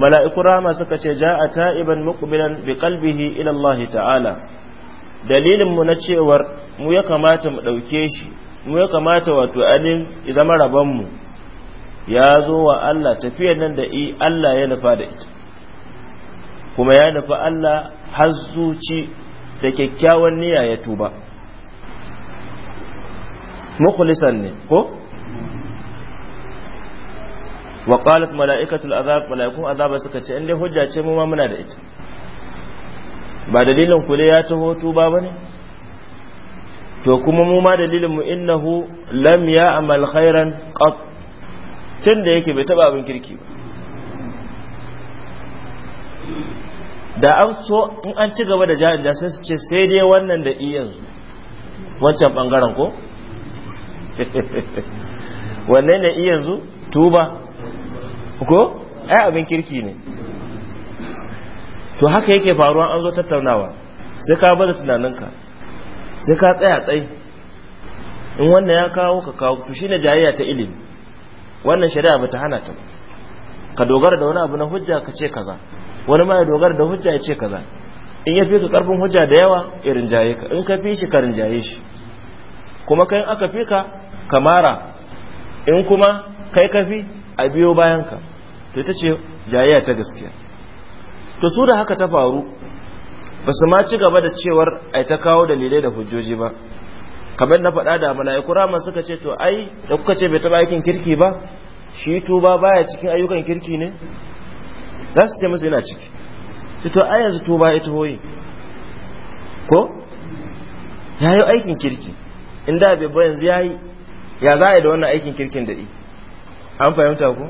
mala'ikun rahma suka ce ja ja'a ta'iban muqbilan bi qalbihi ila Allah ta'ala dalilin mu na cewar mu ya kamata mu dauke shi mu ya kamata wato alin zama rabon mu ya zo wa Allah tafiyar nan da i Allah ya nufa da ita kuma ya nufi Allah har zuci da kyakkyawan niyya ya tuba mukhlisan ne ko wa qalat mala'ikatul azab mala'ikun azab suka ce in dai hujja ce mu ma muna da ita ba dalilin ku ya taho tuba bane to kuma mu ma dalilin mu innahu lam ya'mal khairan qat tunda yake bai taba abin kirki ba da an so in an ci gaba da ja'in ja su ce sai dai wannan da iya yanzu wancan bangaren ko <laughs> wannan da iya yanzu tuba ko ai abin kirki ne to haka yake faruwa an zo tattaunawa sai ka bada tunaninka sai ka tsaya tsayi in wannan ya kawo ka kawo to shine jayayya ta ilimi wannan shari'a bata hana ta ba ka dogara da wani abu na hujja ka ce kaza wani ma ya dogara da hujja ya ce kaza in ya fi ka karfin hujja da yawa ya rinjaye ka in ka fi shi ka rinjaye shi kuma kai aka fi ka kamara in kuma kai ka fi a biyo bayan ka to ita ce jayayya ta gaskiya to su da haka ta faru ba su ma ci gaba da cewar ai ta kawo dalilai da hujjoji ba kamar na faɗa da mala'iku rama suka ce to ai da kuka ce bai taɓa aikin kirki ba shi tuba baya cikin ayyukan kirki ne za su ce masa yana ciki su to a yanzu tuba ita hoyi ko ya yi aikin kirki inda bai ba yanzu ya yi ya za a yi da wannan aikin kirkin da an fahimta ku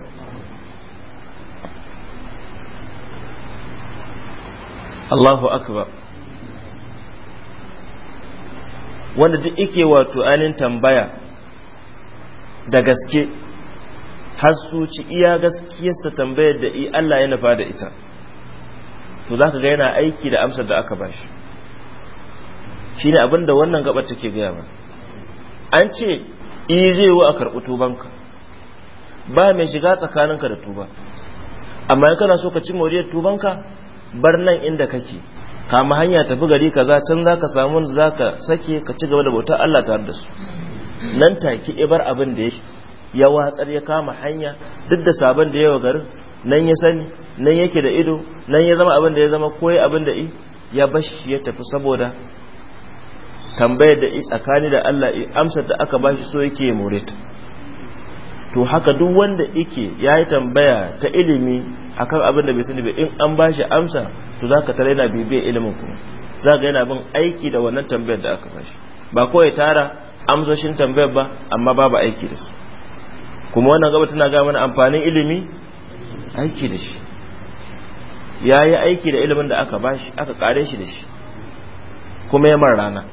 Allahu akbar wanda duk ike wato ainihin tambaya da gaske hasuci iya gaskiyarsa tambayar da Allah ya nufa da ita to za ka ga yana aiki da amsar da aka bashi shi ne abinda wannan gabar take gaya ba an ce i zai wa a karɓi tubanka ba mai shiga tsakaninka da tuba amma in kana so ka ci tuban tubanka bar nan inda kake kama hanya tafi gari kaza can za ka samu za ka sake ka ci gaba da bautar Allah tare da su nan take ibar abin da yake ya watsar ya kama hanya duk da sabon da yawa garin nan ya sani nan yake da ido nan ya zama abin da ya zama koyi abin da i ya bashi ya tafi saboda tambayar da i tsakani da Allah i amsar da aka bashi so yake more to haka duk wanda yake yayi tambaya ta ilimi akan abin da bai sani ba in an bashi amsa to zaka tare yana bibiyar ilimin kuma zaka yana bin aiki da wannan tambayar da aka bashi ba kawai tara amsoshin tambayar ba amma babu aiki da su kuma wannan gaba tana ga mana amfanin ilimi aiki da shi ya yi aiki da ilimin da aka bashi aka kare shi da shi kuma ya rana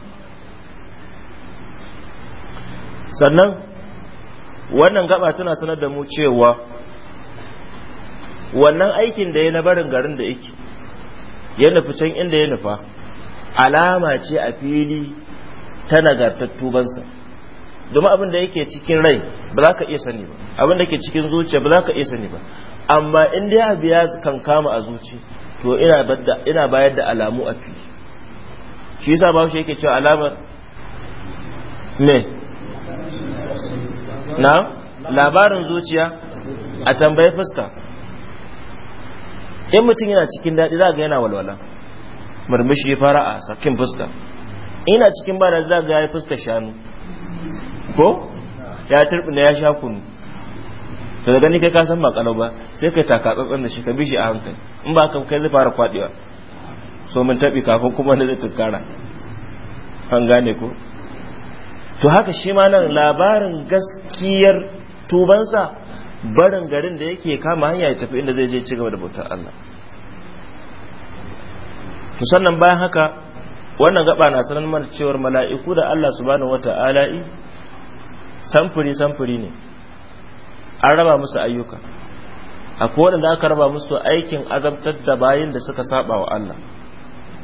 sannan wannan gaba tana sanar da mu cewa wannan aikin da ya na barin garin da yake ya nufi can inda ya nufa alama ce a fili ta nagartattubansa domin abin da yake cikin rai ba za ka iya sani ba abin da ke cikin zuciya ba za ka iya sani ba amma in dai abu ya kan kama a zuci to ina bayar da alamu a fili shi yasa ba shi yake cewa alamar me na labarin zuciya a tambayi fuska in mutum yana cikin daɗi za ga yana walwala murmushi a sakin fuska ina cikin ba da za ga ya fuska shanu ko ya turbina ya sha kunu daga gani kai ka san ba kalau ba sai kai taka tsantsan da shi ka bishi a hankali in ba kai zai fara kwadewa so mun tabi kafin kuma ne zai tukkara an gane ko to haka shi ma nan labarin gaskiyar tubansa barin garin da yake kama hanya ya tafi inda zai je ci gaba da bautar Allah to sannan bayan haka wannan gaba na sanar mana cewar mala'iku da Allah subhanahu wata'ala samfuri samfuri ne an raba musu ayyuka akwai wanda aka raba musu aikin azabtar da bayin da suka saba wa Allah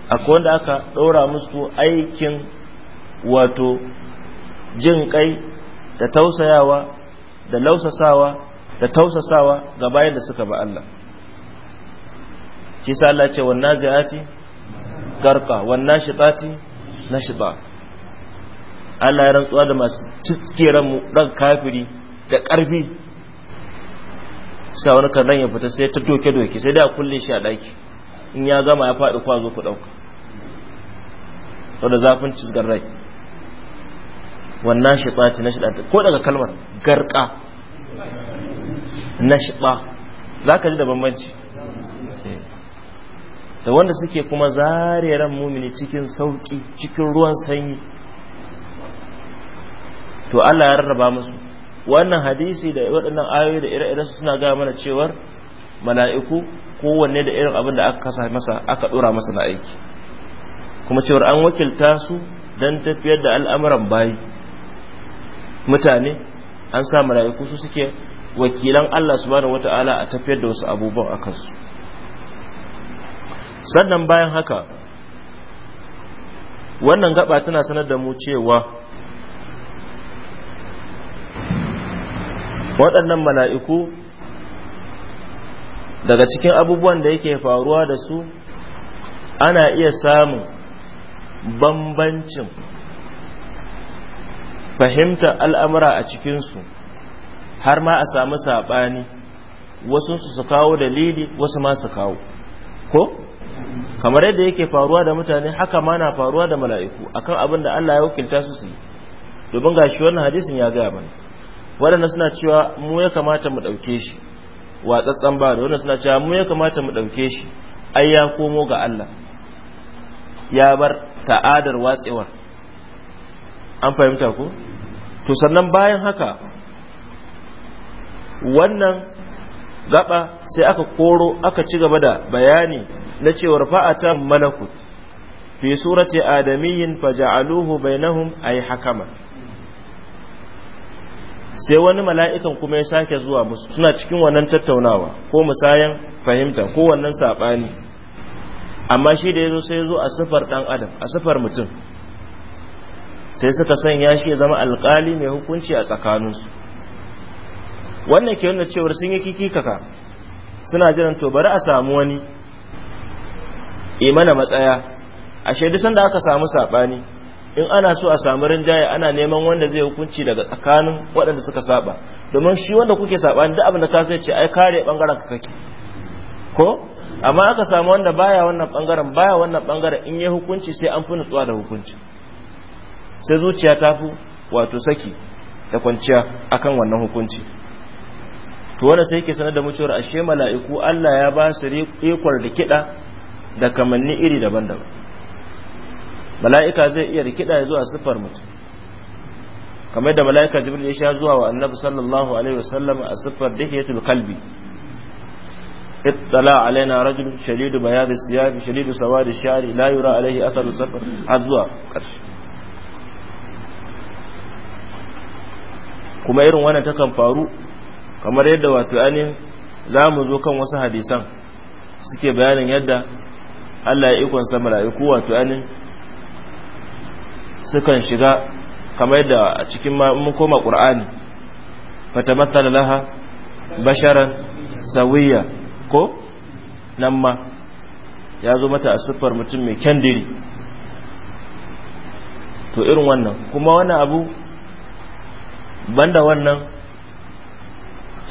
akwai wanda aka ɗora musu aikin wato jin kai da tausayawa da lausasawa da tausasawa ga bayan da suka ba Allah shi sa Allah ce wannan ziyati garka wannan nashba Allah ya rantsuwa da masu ciske ran ran kafiri da ƙarfi sai wani kan ya fita sai ta doke doke sai da kulle shi a daki in ya gama ya faɗi kwa zo ku ɗauka da zafin cisgar rai wannan shi ɓaci na shiɗa ko daga kalmar garka na shiɓa za ka ji da bambanci da wanda suke kuma zare ran mumini cikin sauƙi cikin ruwan sanyi to Allah ya rarraba musu wannan hadisi da waɗannan ayoyi da ire-ire suna ga mana cewar mala'iku kowanne da irin abin da aka kasa masa aka dora masa na aiki kuma cewar an wakilta su don tafiyar da al'amuran bayi mutane an sa mala'iku su suke wakilan Allah subhanahu wata'ala a tafiyar da wasu abubuwan a kansu sannan bayan haka wannan gaba tana sanar da mu cewa waɗannan mala'iku daga cikin abubuwan da yake faruwa da su ana iya samun bambancin fahimtar al'amura a cikinsu har ma a samu saɓani wasu su kawo dalili wasu ma su kawo ko kamar yadda yake faruwa da mutane haka ma na faruwa da mala'iku akan abin da Allah ya wakilta su su yi domin gashi wannan hadisin ya gaya mana waɗanda suna cewa mu ya kamata mu ɗauke shi watsatsan ba da waɗanda suna cewa mu ya kamata mu ɗauke shi ai ya komo ga Allah ya bar ta'adar watsewar an fahimta ko to sannan bayan haka wannan gaba sai aka koro aka ci gaba da bayani na cewar fa'atan malakut fi surati adamiyyin faja'aluhu bainahum ay hakama sai wani mala'ikan kuma ya sake zuwa musu suna cikin wannan tattaunawa ko musayan fahimta ko wannan saɓani amma shi da ya zo sai ya zo a sifar ɗan adam a sifar mutum sai suka sanya shi ya zama alƙali mai hukunci a tsakaninsu wannan ke nuna cewar sun yi kaka suna jiran to bari a samu wani imana matsaya ashe shaidu sanda aka samu saɓani in ana so a samu rinjaye ana neman wanda zai hukunci daga tsakanin waɗanda suka saba domin shi wanda kuke saba duk abin da ka sai ce ai kare bangaren ka kake ko amma aka samu wanda baya wannan bangaren baya wannan bangaren in yi hukunci sai an fi nutsuwa da hukunci sai zuciya ta fi wato saki da kwanciya akan wannan hukunci to wanda sai yake sanar da mu cewa ashe mala'iku Allah ya ba su ikon da kiɗa da kamanni iri daban-daban mala'ika zai iya rikida ya zuwa siffar mutum kamar da mala'ika jibril ya sha zuwa wa annabi sallallahu alaihi wasallam a siffar dihiyatul kalbi ittala alaina rajul shadidu bayad siyab shadidu sawad shari la yura alaihi atharu safar azwa zuwa kuma irin wannan takan faru kamar yadda wato ainihin za mu zo kan wasu hadisan suke bayanin yadda Allah ya ikon sa mala'iku wato anin sukan shiga kamar yadda a cikin mun koma qur'ani fata laha basharan sawiya ko nan ma ya zo mata a siffar mutum mai kyandiri to irin wannan kuma wannan abu banda wannan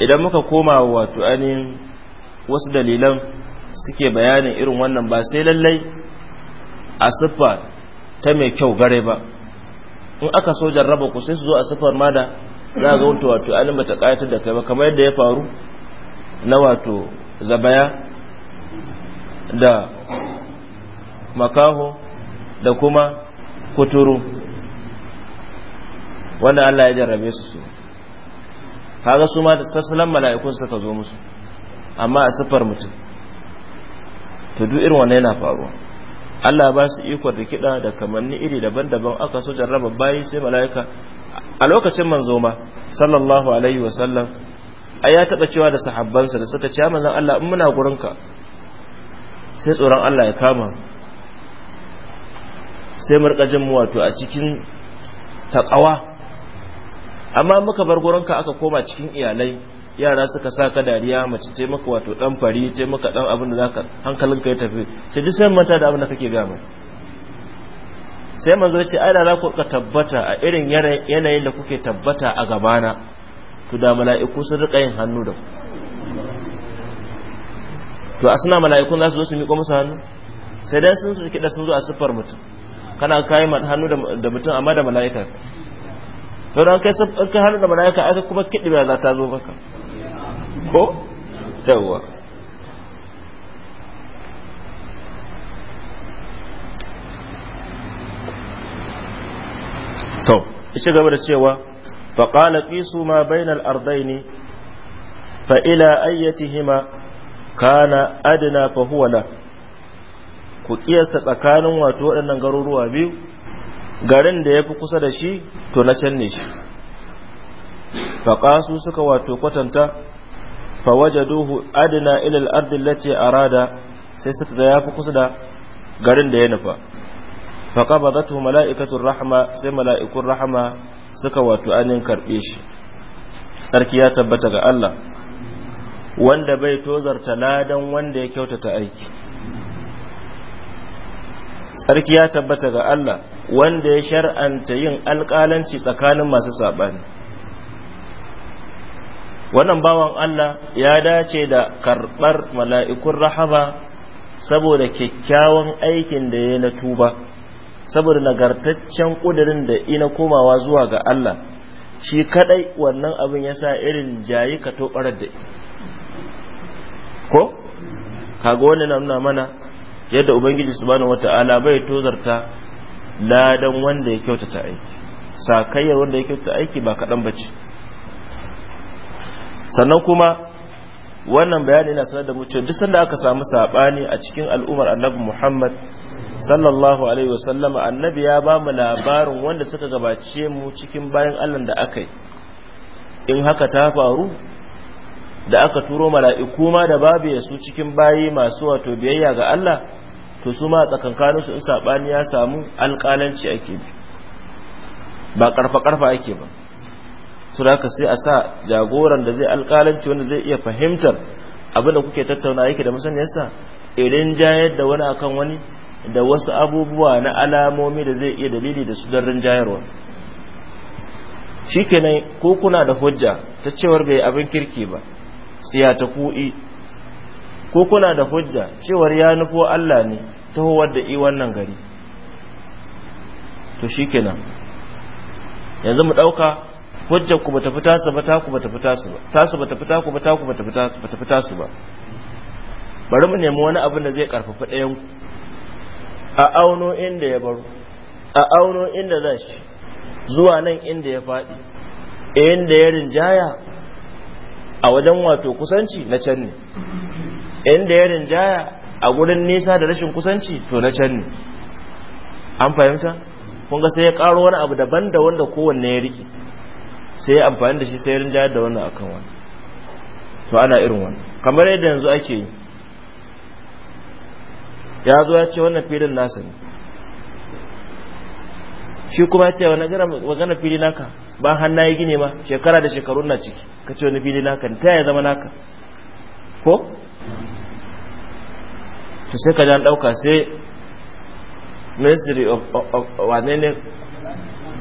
idan muka koma wato ainihin wasu dalilan suke bayanin irin wannan ba sai lallai a siffa ta mai kyau gare ba in aka so jarraba ku sai su zo a sifar ma da za ga wato ainihin ba ta kayatar da kai ba kamar yadda ya faru na wato zabaya da makaho da kuma kuturu wanda Allah ya jarrabe su su Haka su ma sassalan mala'ikun suka zo musu amma a siffar mutum ta duk irin yana faruwa Allah ba su ikon rikida da kamanni iri daban-daban aka so jarraba bayi sai mala'ika a lokacin manzo ma sallallahu alaihi wa sallam ai ya taba cewa da sahabbansa da suka ce ya manzon Allah in muna gurinka sai tsoron Allah ya kama sai mu rika mu wato a cikin taqawa amma muka bar gurinka aka koma cikin iyalai yara suka sa ka dariya mace ce maka wato dan fari ce maka dan abin da zaka hankalin ka ya tafi sai duk sai manta da abin da kake gama sai manzo ce ai da za ku tabbata a irin yanayin da kuke tabbata a gabana to da mala'iku sun rika yin hannu da to a suna mala'ikun za su zo su miƙo musu hannu sai dai sun suke da sun zo a siffar mutum kana kai hannu da mutum amma da mala'ika to dan kai hannu da mala'ika aka kuma ba za ta zo maka ko yawwa to ci gaba da cewa faƙala qisu ma bainal ardaini fa ila ayyatihima kana adna fa huwa la ku kiyasta tsakanin wato waɗannan garuruwa biyu garin da ya fi kusa da shi to na can ne shi faƙasu suka wato kwatanta fawajaduhu adna ila al-ard allati arada sai suka ga yafi kusa da garin da ya nufa faqabadatu mala'ikatu rahma sai mala'ikun rahma suka wato anin karbe shi sarki ya tabbata ga Allah wanda bai tozarta ladan wanda ya kyautata aiki sarki ya tabbata ga Allah wanda ya shar'anta yin alƙalanci tsakanin masu saɓani wannan bawan Allah ya dace da karɓar mala'ikun rahama saboda kyakkyawan aikin da ya na tuba saboda nagartaccen ƙudurin da ina komawa zuwa ga Allah shi kadai wannan abin ya sa irin jayi ka tobarar da ko kaga wani na nuna mana yadda ubangiji subhanahu wata'ala bai tozarta ladan wanda ya kyautata aiki sakayyar wanda ya kyautata aiki ba kaɗan bace sannan kuma wannan bayani na sanar da mu duk sanda aka samu sabani a cikin al'ummar annabi Muhammad sallallahu alaihi wasallam annabi ya ba mu labarin wanda suka gabace mu cikin bayan Allah da aka yi in haka ta faru da aka turo mala'iku ma da babu yasu cikin bayi masu wato biyayya ga Allah to su ma tsakankanin su in sabani ya samu alƙalanci ake bi ba karfa karfa ake ba su sai a sa jagoran da zai alƙalanci wanda zai iya fahimtar abin da kuke tattauna yake da masaniyarsa idan jayar da wani akan wani da wasu abubuwa na alamomi da zai iya dalili da su don rinjayarwa shikenan ko kuna da hujja ta cewar bai abin kirki ba tsiya ta ku'i ko kuna da hujja cewar ya nufo Allah ne ta howar da i wannan gari to shikenan yanzu mu dauka hujjar ku bata fita su ba ta ku bata fita su ba ta su bata fita ku bata ku bata fita su bata fita su ba bari mu nemi wani abin da zai karfafa ɗayan ku a auno inda ya baro a auno inda za shi zuwa nan inda ya faɗi inda ya rinjaya a wajen wato kusanci na can ne inda ya rinjaya a gurin nisa da rashin kusanci to na can ne an fahimta kun ga sai ya karo wani abu daban da wanda kowanne ya rike sai amfani da shi sai rinjayar da wannan akan wani to ana irin wani kamar yadda yanzu ake yi ya zo ya ce wannan filin nasa ne shi kuma ya ce magana fili naka ba hannu ya gine ma shekara da shekaru na ciki ka ce wani fili naka ta ya zama naka ko? to sai ka jan ɗauka sai ministry of wane ne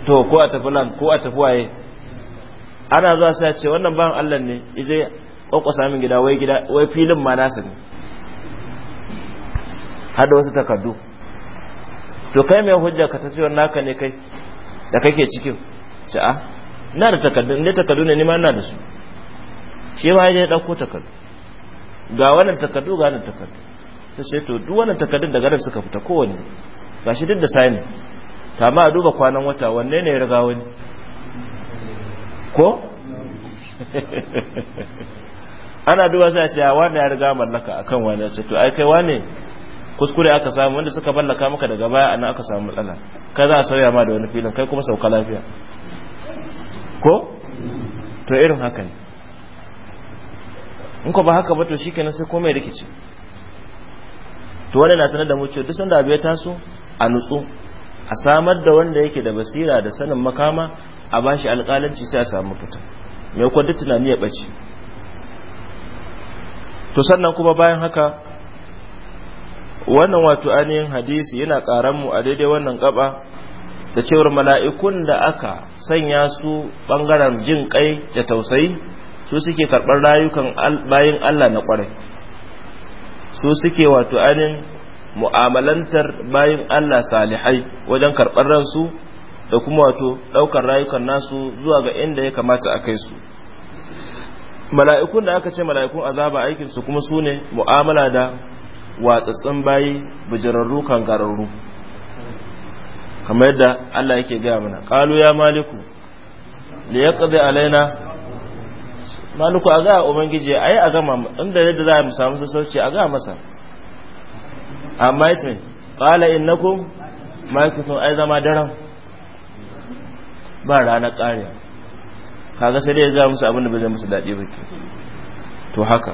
to ko a tafi nan ko a tafi waye ana zuwa sai ce wannan ban Allah ne ije kwakwasa min gida wai gida wai filin ma nasu ne har da wasu takardu to kai mai hujja ka tafi wannan naka ne kai da kake cikin ce a ah, ina da takardu ne takardu ne nima ina da su shi ma ya dauko takardu ga wannan takardu ga wannan takardu ta ce to duk wannan takardun da garin suka fita kowanne gashi duk da ne ta ma duba kwanan wata wanne ne ya riga wani ko ana duba sai a ce ah, ya riga mallaka akan wani sai to ai kai wane kuskure aka samu wanda suka mallaka maka daga baya anan aka samu matsala kai za a sauya ma da wani filin kai kuma sauka lafiya ko to irin haka ne in ko ba haka ba to shikenan sai komai rikici to wannan na sanar da mu cewa duk sanda abu ya taso a nutsu a samar da wanda yake da basira da sanin makama a bashi alƙalanci sai a samu fita mai kwadda tunani ya ɓace to sannan kuma bayan haka wannan wato ainihin hadisi yana ƙaran mu a daidai wannan gaba da cewar mala'ikun da aka sanya su ɓangaren jin kai da tausayi su suke karɓar rayukan bayan Allah na ƙwarai su suke wato ainihin mu'amalantar bayan Allah salihai wajen karɓar ransu da kuma wato ɗaukar rayukan nasu zuwa ga inda ya kamata a kai su mala'ikun da aka ce mala'ikun azaba aikinsu kuma su ne mu'amala da watsatsun bayi kan kangararru kamar yadda Allah yake gaya mana qalu ya maliku li yaqdi alaina maliku a ubangije ai a yi a gama inda yadda za mu samu sassauci a gaya masa amma ya ce ƙala innakum ma'aikatan ai zama daren ba rana ƙariya kaga sai dai ya musu abin da ba zai musu daɗi ba ke to haka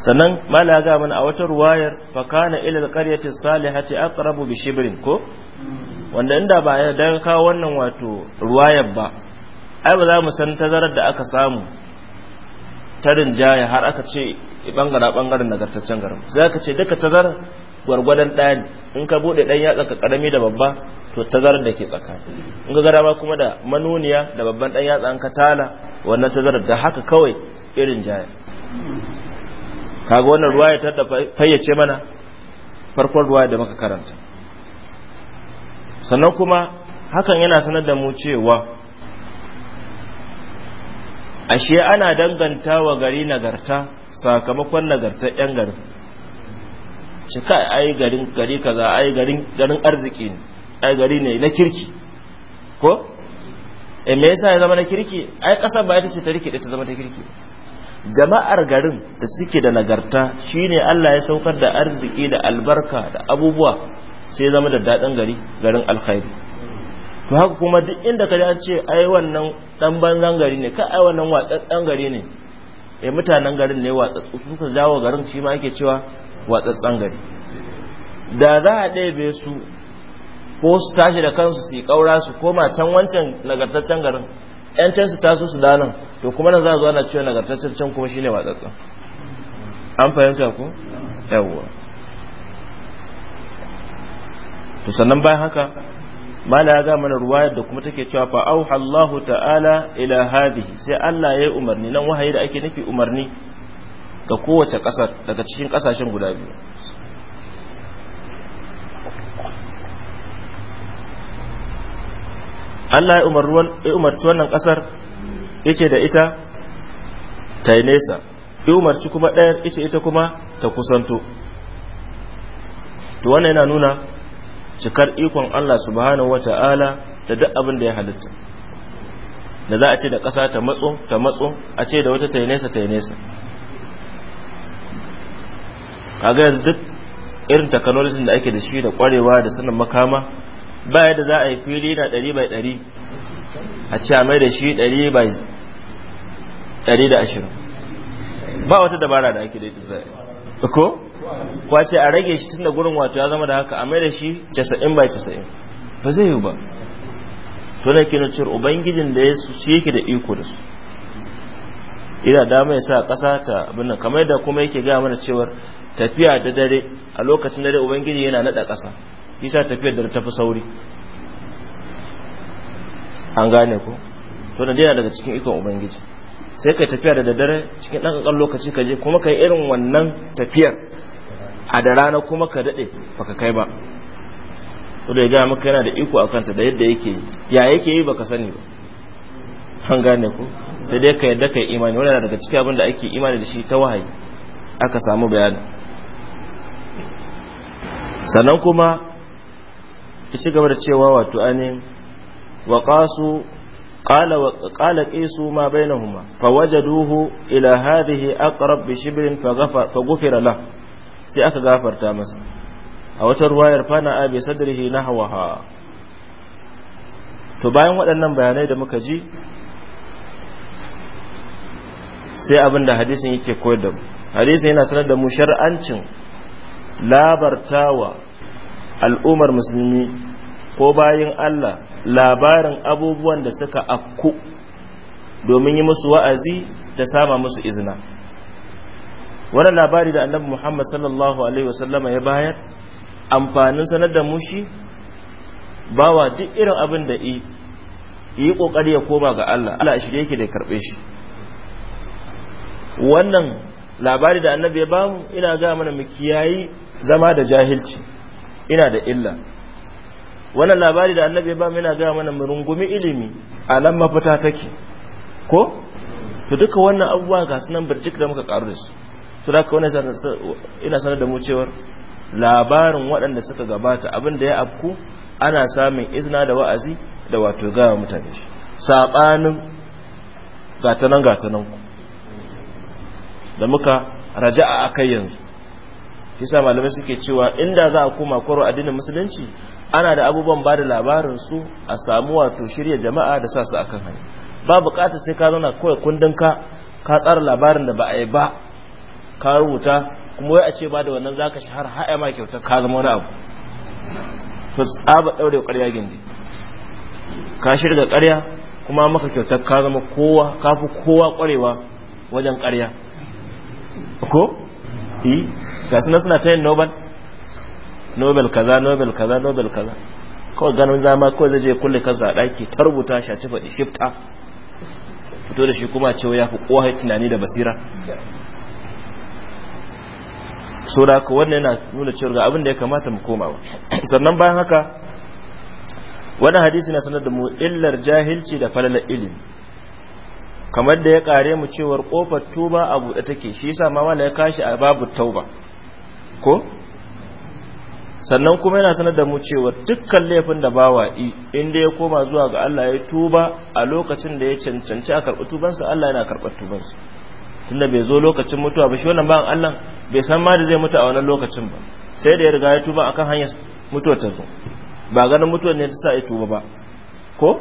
sannan mala ga mana a wata ruwayar fakana ilal qaryati salihati aqrabu bi shibrin ko wanda inda ba ya dan kawo wannan wato ruwayar ba ai ba za mu san tazarar da aka samu ta rinjaya har aka ce bangara bangaren nagartaccen garin za ce duka tazarar gwargwadon ɗaya ne in ka buɗe ɗan yatsa ka karami da babba to tazarar da ke tsakani in ka gara ba kuma da manuniya da babban ɗan yatsa an ka tala wannan tazarar da haka kawai irin jaya kaga wannan ruwa ya tadda fayyace mana farkon ruwa da muka karanta sannan kuma hakan yana sanar da mu cewa ashe ana danganta wa gari nagarta sakamakon nagarta 'yan garin ce kai ai garin gari kaza ai garin garin arziki ne ai gari ne na kirki ko e me yasa ya zama na kirki ai kasar ba ita ce ta rikide ta zama ta kirki jama'ar garin da suke da nagarta shine Allah ya saukar da arziki da albarka da abubuwa sai zama da dadin gari garin alkhairi to haka kuma duk inda ka an ce ai wannan dan banzan gari ne ka ai wannan watsatsan gari ne eh mutanen garin ne watsatsu suka jawo garin shi ma ake cewa watsatsan gari da za a ɗebe su ko su tashi da kansu su yi ƙaura su koma can wancan nagartaccen garin ‘yan can su taso su danan to kuma nan za a zuwa na cewa nagartaccen can kuma shine watsatsan an fahimta ku? yawwa to sannan bayan haka mala ya gama mana ruwa yadda kuma take cewa fa auha ta'ala ila hadhihi sai Allah ya yi umarni nan wahayi da ake nufi umarni da kowace ƙasar daga cikin ƙasashen guda biyu Allah ya umarci wannan ƙasar yace da ita ta yi nesa ya umarci kuma ɗayar yace ita kuma ta kusanto to wannan yana nuna cikar ikon Allah subhanahu wata'ala da duk abin da ya halitta da za a ce da ƙasa ta matso ta matso a ce da wata ta yi nesa ta yi nesa kaga yanzu duk irin technology da ake da shi da kwarewa da sanin makama ba yadda za a yi fili na dari by dari a ce a mai da shi dari by dari da ashirin ba wata dabara da ake da ita zai ko kwace a rage shi tun da gurin wato ya zama da haka a mai da shi casa'in by casa'in ba zai yi ba to na kino cewa ubangijin da ya su yake da iko da su ina dama ya sa ƙasa ta abin nan kamar da kuma yake gaya mana cewar tafiya da dare a lokacin dare ubangiji yana nada ƙasa isa tafiyar da tafi sauri an gane ku? to da yana daga cikin ikon ubangiji sai kai tafiya da daddare cikin ɗan ƙanƙan lokaci ka je kuma kai irin wannan tafiyar a da rana kuma ka daɗe baka kai ba to da ya gaya maka yana da iko a kanta da yadda yake yi ya yake yi baka sani ba an gane ku sai dai ka yadda ka yi imani wannan daga cikin abin da ake imani da shi ta wahayi aka samu bayani sannan kuma ki ci gaba da cewa wato ainihin wa qasu qala qala qisu ma bainahuma fawajaduhu ila hadhihi aqrab bi shibrin fa ghufira la sai aka gafarta masa a wata ruwayar fana abi sadrihi nahwaha to bayan waɗannan bayanai da muka ji sai abin da hadisin yake koyar da mu hadisin yana sanar da mu shar'ancin labartawa al'ummar musulmi ko bayin Allah labarin abubuwan da suka afku domin yi musu wa'azi da sama musu izina wannan labari da annabi Muhammad sallallahu alaihi wasallama ya bayar amfanin sanar da mushi bawa duk irin abin da yi yi kokari ya koma ga Allah Allah shi shirye yake da karbe shi wannan labari da annabi ya bamu ina ga mana mu kiyayi zama da jahilci ina da illa wannan labari da annabi ba mina ga mana murungumi ilimi A nan mafita take ko to duka wannan abubuwa ga sunan birjik da muka karu da su to da wannan ina sanar da mu cewar labarin waɗanda suka gabata abin da ya afku ana samun izina da wa'azi da wato gawa mutane shi saɓanin gatanan gatanan da muka raja'a a kai yanzu yasa malamai suke cewa inda za a koma kwaro addinin musulunci ana da abubuwan ba da labarin su a samu wato shirya jama'a da sa su akan hanya ba bukata sai ka zauna kawai kundin ka ka tsara labarin da ba a yi ba ka rubuta kuma wai a ce ba da wannan zaka shahara har ma kyauta ka zama wani abu to tsaba daure ƙarya gindi ka shirya ƙarya kuma maka kyautar ka zama kowa ka kowa ƙwarewa wajen ƙarya ko? Eh. ga suna ta yin nobel nobel kaza nobel kaza nobel kaza kawai ganin zama kawai zai je kulle kansa a ɗaki ta rubuta shi a ci faɗi shifta fito da shi kuma cewa ya fi kowai tunani da basira so da haka wannan yana nuna cewa ga abin da ya kamata mu komawa <coughs> sannan bayan haka wannan hadisi na sanar da mu illar jahilci da falalar ilimi kamar da ya kare mu cewar kofar tuba a da take shi yasa ma wala ya kashi a babu tauba ko sannan kuma yana sanar da mu cewa dukkan laifin da bawa i inda ya koma zuwa ga Allah ya tuba a lokacin da ya cancanci a karɓi tubansa Allah yana karɓar tubansa tunda bai zo lokacin mutuwa ba shi wannan bawan Allah bai san ma da zai mutu a wannan lokacin ba sai da ya riga ya tuba akan hanyar mutuwar ta zo ba ganin mutuwar ne ta sa ya tuba ba ko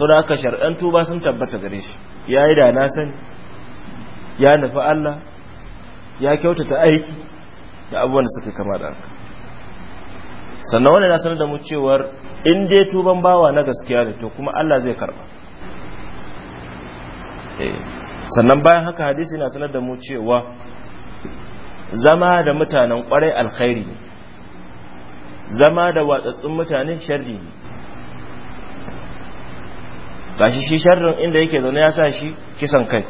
to da aka shar'an tuba sun tabbata gare shi yayi da na sani ya nufi Allah ya kyautata aiki da abubuwan da suka kama da haka sannan wani na sanar da mu cewar in dai tuban bawa na gaskiya da to kuma Allah zai karba eh, sannan bayan haka hadisi na sanar da mu cewa zama da mutanen kwarai alkhairi zama da watsatsun mutane sharri ne gashi shi sharrin inda yake zaune ya sa shi kisan kai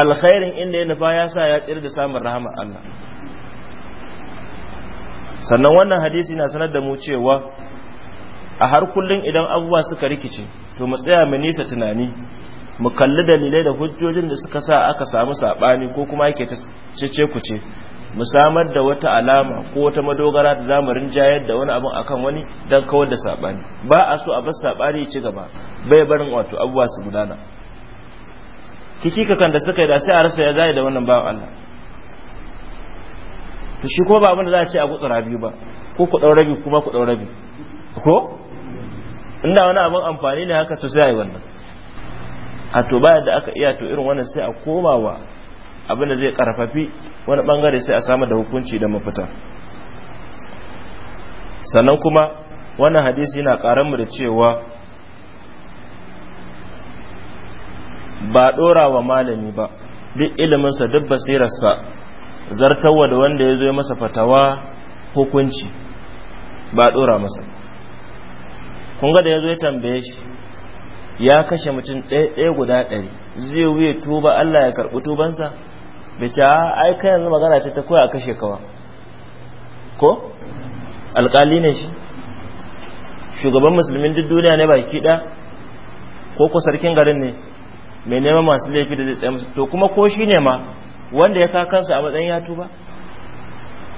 alkhairin inda ya nufa ya sa ya tsira da samun rahama Allah sannan wannan hadisi na sanar da mu cewa a har kullum idan abubuwa suka rikice to mu tsaya mu nisa tunani mu kalli dalilai da hujjojin da suka sa aka samu sabani ko kuma yake ta cece kuce mu samar da wata alama ko wata madogara da zamu rinjayar da wani abu akan wani dan kawar da sabani ba a so a bar sabani ci gaba bai barin wato abubuwa su gudana kiki kakan da suka yi da sai a rasa ya zai da wannan bawan Allah to shi kuma ba abin da za a ce a gutsura biyu ba ko ku ɗau rabi kuma ku ɗau rabi ko inda wani abin amfani ne haka to sai a yi wannan a to baya da aka iya to irin wannan sai a koma wa abin da zai karfafi wani bangare sai a samu da hukunci da mafita sannan kuma wannan hadisi yana karan mu da cewa ba ɗora wa malami ba duk iliminsa duk basirarsa zartarwa da wanda ya zo masa fatawa hukunci ba dora masa Kun ga da ya zo ya tambaye shi ya kashe mutum ɗaya guda ɗari zai wuye tuba Allah ya karɓi tubansa bai ce a aika yanzu magana ce ta koya a kashe kawa ko alƙali ne shi shugaban musulmin duk duniya ne baki ɗaya ko ko sarkin garin ne mai neman masu laifi da zai tsaye musu to kuma ko shi ne ma wanda ya ka kansa a matsayin ya tuba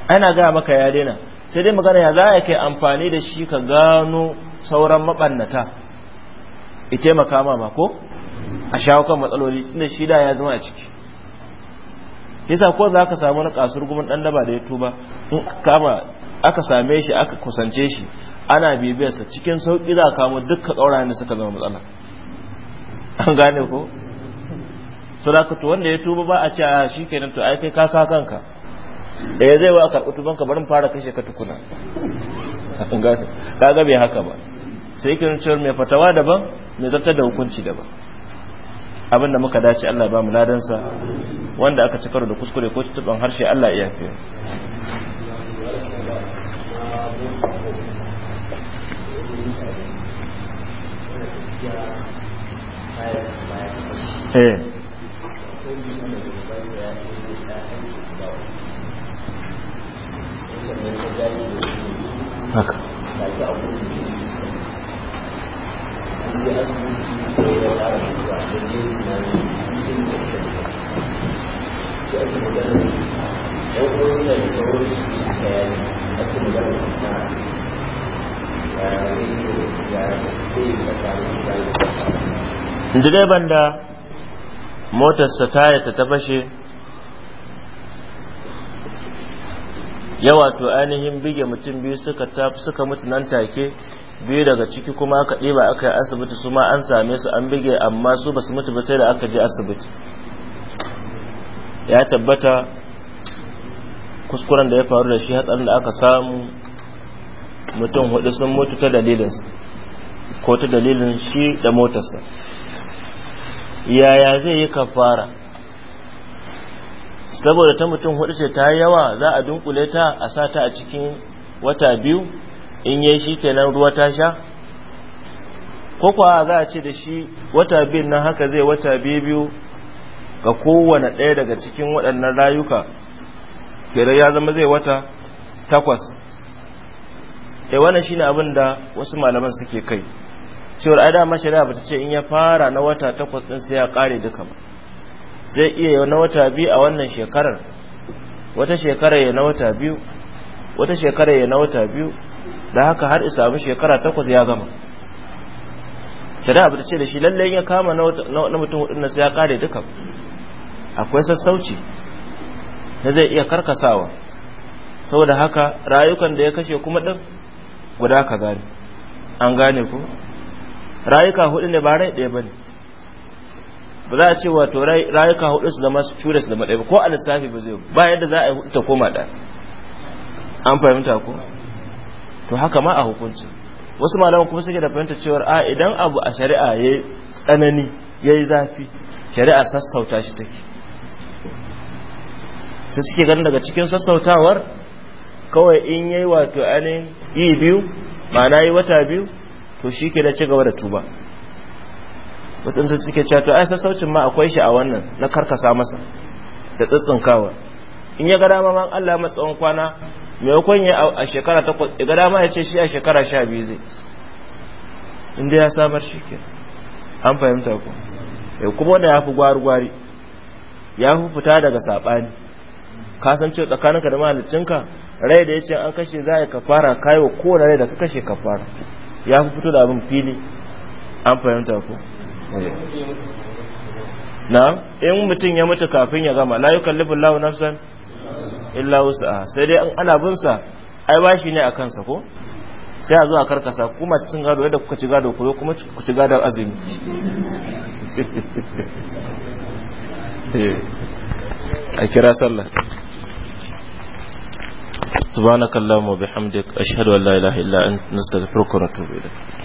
ana gaya maka ya daina sai dai magana ya za a kai amfani da shi ka gano sauran maɓannata ita makama ma a shawo kan matsaloli tunda shi da ya zama a ciki nisa ko za ka samu na kasur gumin ɗan daba da ya tuba in kama aka same shi aka kusance shi ana bibiyarsa cikin sauƙi za a kamo dukkan ƙaurayen da suka zama matsala an gane ko saboda wanda ya tuba ba a shi a ah, shikenan to ai kai ka ka kanka da ya zai wa karɓi tuban ka barin fara kashe ka tukuna ka ga bai haka ba sai kin cewar mai fatawa daban mai zartar da hukunci daban abin da muka dace Allah ba mu ladansa wanda aka ci karo da kuskure ko tuban harshe Allah ya fiye. Yeah. haka direban da motarsa tayata ta fashe ya wato ainihin bige mutum biyu suka suka mutu nan take biyu daga ciki kuma aka ɗiba aka yi asibiti su ma an same su an bige amma su basu mutu ba sai da aka je asibiti ya tabbata kuskuren da ya faru da shi hatsarin da aka samu mutum hudu sun mutu ta dalilinsa ko ta dalilin shi da motarsa yaya zai yi kafara saboda ta mutum hudu ce ta yawa za a dunkule ta a sata a cikin wata biyu in yi shi kenan ruwa ta sha ko za a ce da shi wata biyu nan haka zai wata biyu biyu ga kowane ɗaya daga cikin waɗannan rayuka kira ya zama zai wata takwas e wannan shine abin da wasu malaman suke kai cewar ai da mashari'a bata ce in ya fara na wata takwas ɗin sai ya ƙare duka ba zai iya yau na wata biyu a wannan shekarar wata shekara ya na wata biyu wata shekara ya na wata biyu da haka har isa abin shekara takwas ya gama shari'a abu ta ce da shi lallai ya kama na mutum hudu na sai ya kare duka akwai sassauci na zai iya karkasawa saboda haka rayukan da ya kashe kuma din guda kaza ne an gane ku rayuka hudu ne ba rai ɗaya ba ne ba za a ce wato rayuka hudu su zama su cure su zama ɗaya ko a lissafi ba zai ba yadda za a yi ta koma ɗaya an fahimta ko to haka ma a hukunci wasu malaman kuma suke da fahimta cewar a idan abu a shari'a ya tsanani ya yi zafi shari'a sassauta shi take su suke ganin daga cikin sassautawar kawai in ya yi wato ainihin yi biyu ma'ana yi wata biyu to shi ke da ci gaba da tuba wasu suke cewa to ai sassaucin ma akwai shi a wannan na karkasa masa da tsitsinkawa in ya ga dama man Allah matsawan kwana maimakon ya a shekara takwas ya ga dama ya ce shi a shekara sha biyu zai inda ya samar shi ke an fahimta ku ya eh, kuma wanda ya fi gwari-gwari ya fi fita daga saɓani kasance tsakaninka da mahalicinka rai da ya ce an kashe za a kafara kayo kowane rai da ka kashe kafara ya fi fito da abin fili an fahimta ku na in mutum ya mutu kafin ya gama la yukallifu Allahu nafsan illa wus'aha sai dai ana bin sa ai bashi ne a kansa ko sai a zo a karkasa ku cikin gado yadda kuka ci gado ku kuma ku ci gado azumi <laughs> a kira sallah subhanakallahumma bihamdik ashhadu an la ilaha illa anta nastaghfiruka wa natubu ilayk